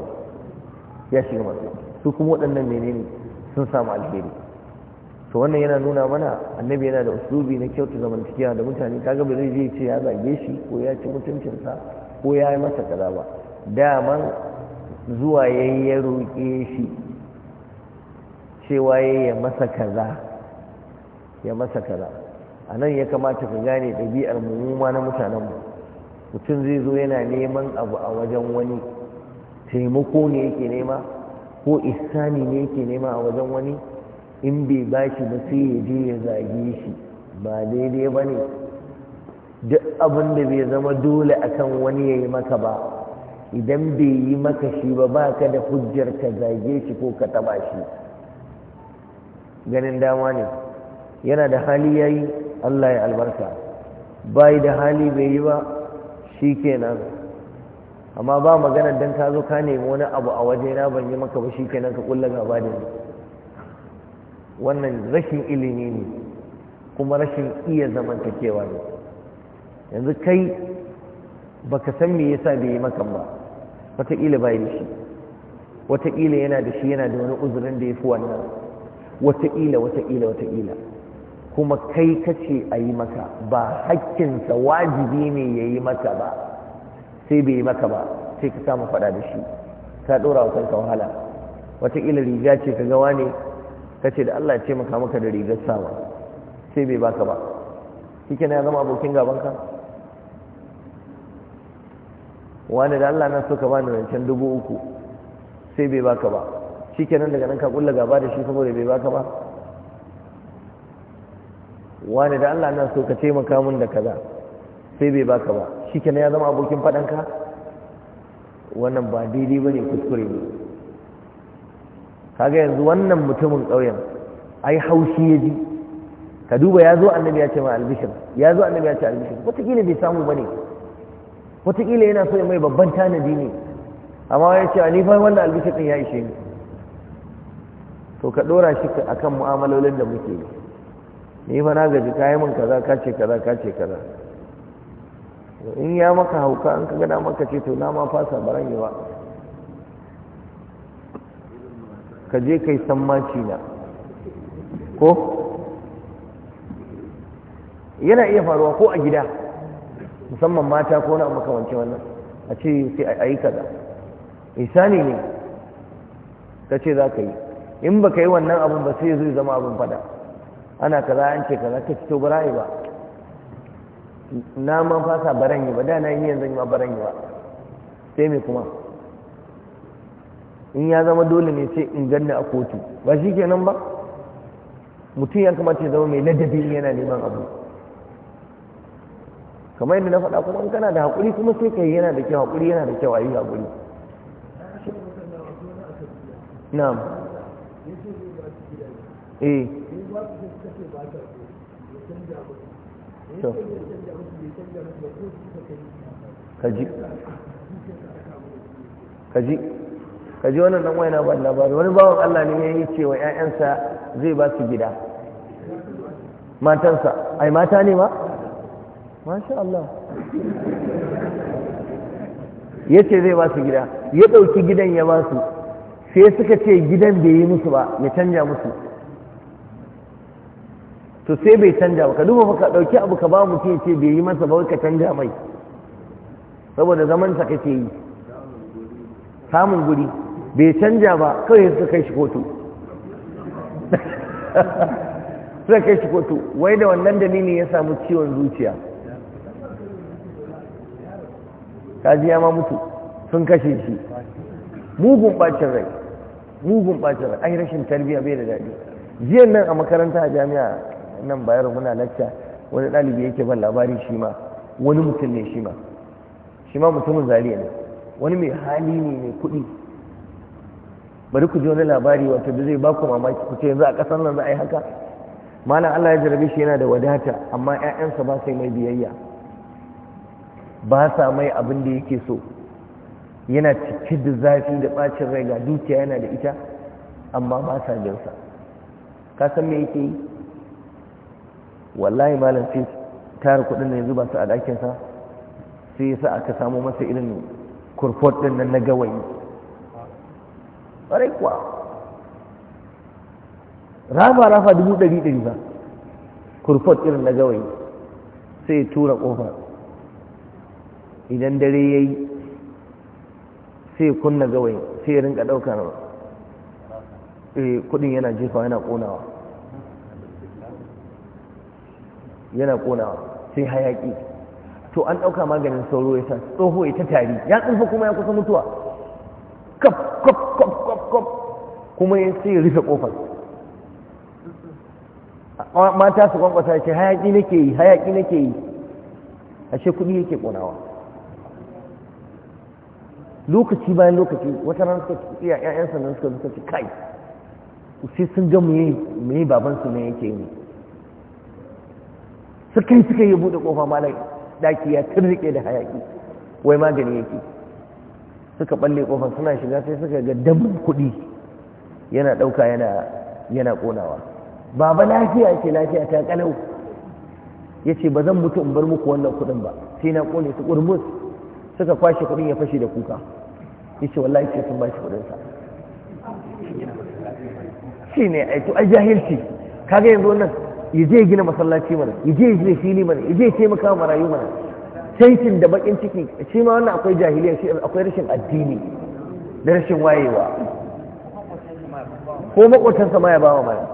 ya shiga masu su kuma waɗannan menene sun samu alheri to wannan yana nuna mana annabi yana da uslubi na kyautu zamantakewa da mutane kaga ba zai je ce ya zage shi ko ya ci mutuncinsa ko ya yi masa kaza ba daman zuwa yayi ya roƙe shi cewa ya masa kaza ya masa kaza a nan ya kamata ka gane ɗabi'ar mu na mutanen mutum zai zo yana neman abu a wajen wani taimako ne yake nema ko isani ne yake nema a wajen wani in bai bashi ba sai ya je ya zage shi ba daidai ba ne duk abin da bai zama dole akan wani ya yi maka ba idan bai yi maka shi ba ba ka da hujjar ka zage shi ko ka taba shi ganin dama ne yana da hali ya yi allah ya albarka ba yi da hali bai yi ba shi kenan amma ba magana don ka zo ka nemi wani abu a wajena ban yi maka ba shi kenan ka kulla gaba da ni wannan rashin ilimi ne kuma rashin iya zamantakewa ne yanzu kai baka san me yasa bai yi makan ba wataƙila bai da shi wataƙila yana da shi yana da wani uzurin da ya fi wannan wataƙila wataƙila wataƙila kuma kai kace a yi maka ba hakkinsa wajibi ne ya yi maka ba sai bai yi maka ba sai ka samu faɗa da shi ka ɗora wa kanka wahala wataƙila riga ce ka gawa ne ka ce da Allah ya ce maka maka da rigar sama sai bai baka ba shike na ya zama abokin gabanka wani da Allah na suka bani rancen dubu uku sai bai baka ba shike nan daga nan ka kulla gaba da shi saboda bai baka ba wani da Allah na suka ce taimaka mun da kaza sai bai baka ba shike na ya zama abokin faɗanka wannan ba daidai ba ne kuskure ne kaga yanzu wannan mutumin ƙauyen ai haushi ya ji ka duba ya zo annabi ya ce ma albishir ya zo annabi ya ce albishir wataƙila bai samu ba ne wataƙila yana so ya mai babban tanadi ne amma ya ce a ni fa wannan albishir ɗin ya ishe ni to ka ɗora shi akan mu'amalolin da muke yi ni fa na gaji kayan min kaza ka ce kaza ka ce kaza in ya maka hauka an ka gada maka ce to na ma fasa baran yi ba ka je kai sammaci na ko yana iya faruwa ko a gida musamman mata ko na makamanci wannan a ce sai a yi kaza isani ne ka ce za ka yi in ba ka yi wannan abin ba sai zai zama abin fada ana kaza an ce kaza ka fito bara ba na man fasa baran ba da na yi yanzu ma baranyi ba sai mai kuma in ya zama dole ne sai in ganna a kotu ba shi kenan ba mutum ya kamata ya zama mai ladabi yana neman abu kamar yadda na faɗa kuma in kana da haƙuri kuma sai ka yi yana da kyau haƙuri yana da kyau a yi haƙuri na'am eh ka kaji ka ji wannan dan waina ba labari wani bawan Allah ne yayi cewa ƴaƴansa zai ba su gida matansa ai mata ne ma masha Allah yace zai ba su gida ya dauki gidan ya ba su sai suka ce gidan bai yi musu ba ya canja musu to sai bai canja ba ka duba ka dauki abu ka ba mutum ce bai yi masa ba ka canja mai saboda zaman sa kake yi samun guri bai canja ba kawai suka kai shi kotu suka kai shi kotu wai da wannan dalilin ya samu ciwon zuciya kaji ya ma mutu sun kashe shi mugun bacin rai mugun bacin rai ai rashin tarbiya bai da daɗi jiyan nan a makaranta a jami'a nan bayar muna lacca wani ɗalibi yake ban labari shi ma wani mutum ne shi ma shi ma mutumin zariya ne wani mai hali ne mai kuɗi bari ku ji wani labari wato da zai baku mamaki ku ce yanzu a ƙasar nan za a yi haka malam Allah ya jarabe shi yana da wadata amma ƴaƴansa ba sai mai biyayya ba sa mai abin da yake so yana cike da zafi da ɓacin rai ga dukiya yana da ita amma ba sa sa ka san me yake yi wallahi malam sai tara kuɗin da yanzu ba su a dakin sa sai ya sa aka samo masa irin kurfot ɗin nan na gawayi ƙwarai kuwa rafa rafa dubu ɗari ɗari ba kurfot irin na gawayi sai ya tura ƙofa idan dare ya yi sai ya kunna gawayi sai ya rinka ɗaukar eh, kudin yana jefa yana ƙonawa yana ƙonawa sai hayaƙi to an ɗauka maganin sauro ya sa tsoho ya ta tari ya tsufa kuma ya kusa mutuwa kaf kaf kaf kuma ya ya rufe kofar mata su kwankwasa ce hayaki nake yi hayaki nake yi ashe kuɗi yake ƙonawa lokaci bayan lokaci wata ran suka iya ƴaƴan sannan suka suka ci kai sai sun ga mu yi baban su ne yake yi suka yi suka yi buɗe ƙofa malam ɗaki ya tirrike da hayaki wai magani yake suka balle ƙofar suna shiga sai suka ga damar kuɗi yana ɗauka yana yana ƙonawa baba lafiya yake lafiya ta kalau ya ce ba zan mutu in bar muku wannan kuɗin ba sai na ƙone su ƙurmus suka kwashe kuɗin ya fashe da kuka ya ce wallahi ce sun bashi kuɗinsa shi ne a to a jahilci kaga yanzu nan ya je gina masallaci mana ya je gina fili mana ya je taimaka wa marayu mana saitin da bakin ciki shi ma wannan akwai jahiliya shi akwai rashin addini da rashin wayewa ko makwacinsa ma ya ba wa mara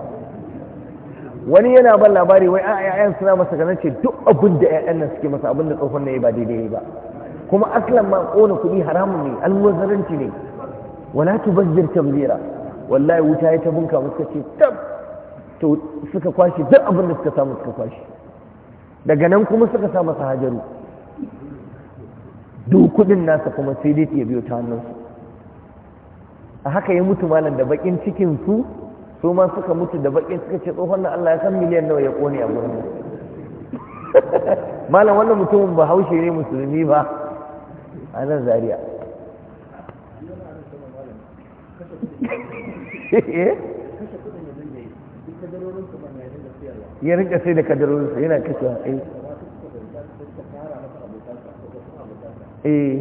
wani yana ban labari wai a 'ya'yan suna masa ganin ce duk abin da ƴaƴan nan suke masa abin da tsohon ne ba daidai ba kuma aslan ma kona kuɗi haramun ne almubazzaranci ne wala tubazzir tabzira wallahi wuta ya ta bunka musu ce tab to suka kwashe duk abin da suka samu suka kwashe daga nan kuma suka sa masa hajaru duk kuɗin nasa kuma sai dai ya biyo ta hannunsu a haka ya mutu malam da bakin cikin su su ma suka mutu da bakin suka ce tsohon nan Allah ya san miliyan nawa ya kone a gurin malam wannan mutumin ba haushe ne musulmi ba a nan zariya. Eh? ya rinka sai da kadarorinsa yana kashewa eh, eh.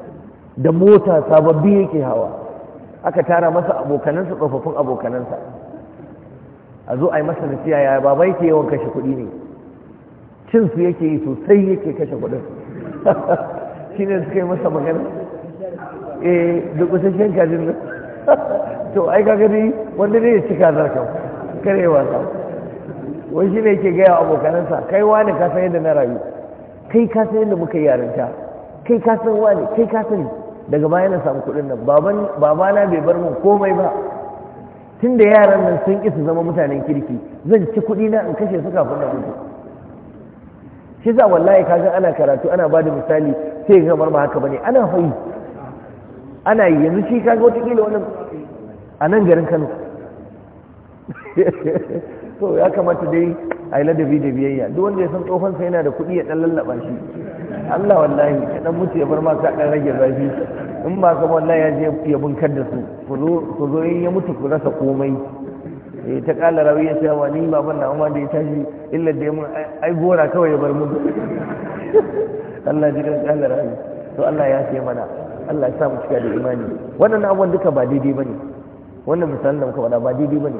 da mota sababbi yake hawa aka tara masa abokanansa tsofaffin abokanansa a zo a yi masa nasiya ya baba yake yawan kashe kuɗi ne cin su yake yi sosai yake kashe kuɗin shi ne suka yi masa magana eh da kusashen kajin nan to ai ka gani wanda ne ya cika zarkan kare wasa wani shi ne yake gaya abokanansa kai wani ka san yadda na rayu kai ka san yadda muka yi yarinta kai ka san wani kai ka sani daga baya na samu kuɗin nan babana bai bar mun komai ba tun da yaran nan sun isa zama mutanen kirki zan ci kuɗi na in kashe su kafin na mutu shi za wallahi kaga ana karatu ana ba da misali sai ga kamar ba haka bane ana hoyi ana yi yanzu shi kaga watakila wannan a nan garin kano to ya kamata dai a yi ladabi da biyayya duk wanda ya san tsofan sa yana da kuɗi ya dan lallaba shi Allah wallahi ya dan mutu ya bar ma ka dan rage zafi in ba ka wallahi ya je ya bunkar da su ku zo in ya mutu ku rasa komai eh, ta kala rawi ya cewa ni baban na amma da ya tashi illa da mu ai gora kawai ya bar mu Allah ji kan kala rawi to Allah ya ce mana Allah ya sa mu cika da imani wannan abubuwan duka ba daidai bane wannan misalan da muka faɗa ba daidai bane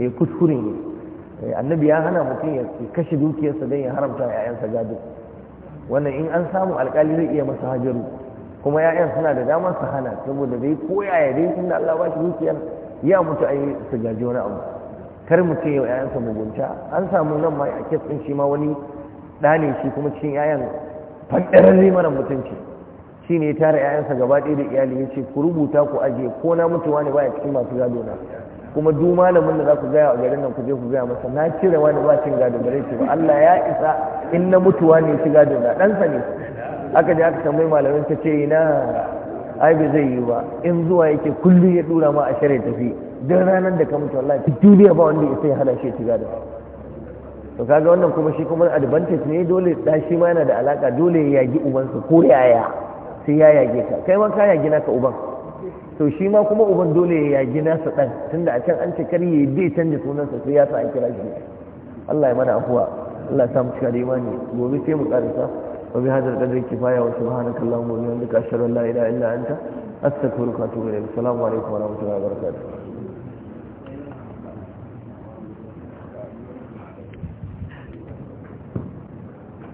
eh kuskure ne annabi ya hana mutum ya kashe dukiyarsa don ya haramta wa 'ya'yansa gado wannan in an samu alkali zai iya masa hajaru kuma 'ya'yan suna da dama su hana saboda dai ko yaya dai tun da Allah ba shi dukiyar ya mutu a yi su gaji wani abu kar mutum ya wa 'ya'yansa mugunta an samu nan ma a kes ɗin shi ma wani ɗa ne shi kuma cikin 'ya'yan fadararre mara mutunci shi ne ya tara 'ya'yansa gaba ɗaya da iyali ya ce ku rubuta ku ajiye ko na mutuwa ne baya cikin masu gado na kuma duk malamin da za ku gaya a garin nan ku je ku gaya masa na cire wani ba cin gado bare ce ba Allah ya isa in na mutuwa ne ci gado na sa ne aka je aka tambayi malamin ta ce ina ai bai zai yi ba in zuwa yake kullu ya dura ma a shirya tafi don ranar da ka mutu wallahi duk duniya ba wanda ya sai hada shi ci gado to kaga wannan kuma shi kuma advantage ne dole da shi ma yana da alaka dole ya yagi ubansa ko yaya sai ya yage ka kai ma ka yage naka uban to shi ma kuma uban dole ya yagi nasa ɗan tunda a can an ce kar ya bai canza sunansa sai ya sa an kira shi Allah ya mana afuwa Allah ya samu cika da ne gobe sai mu karasa wa bi hadar qadri kifaya wa subhanaka allahumma wa bihamdika ashhadu an la ilaha illa anta astaghfiruka wa atubu ilayk assalamu alaikum wa rahmatullahi wa barakatuh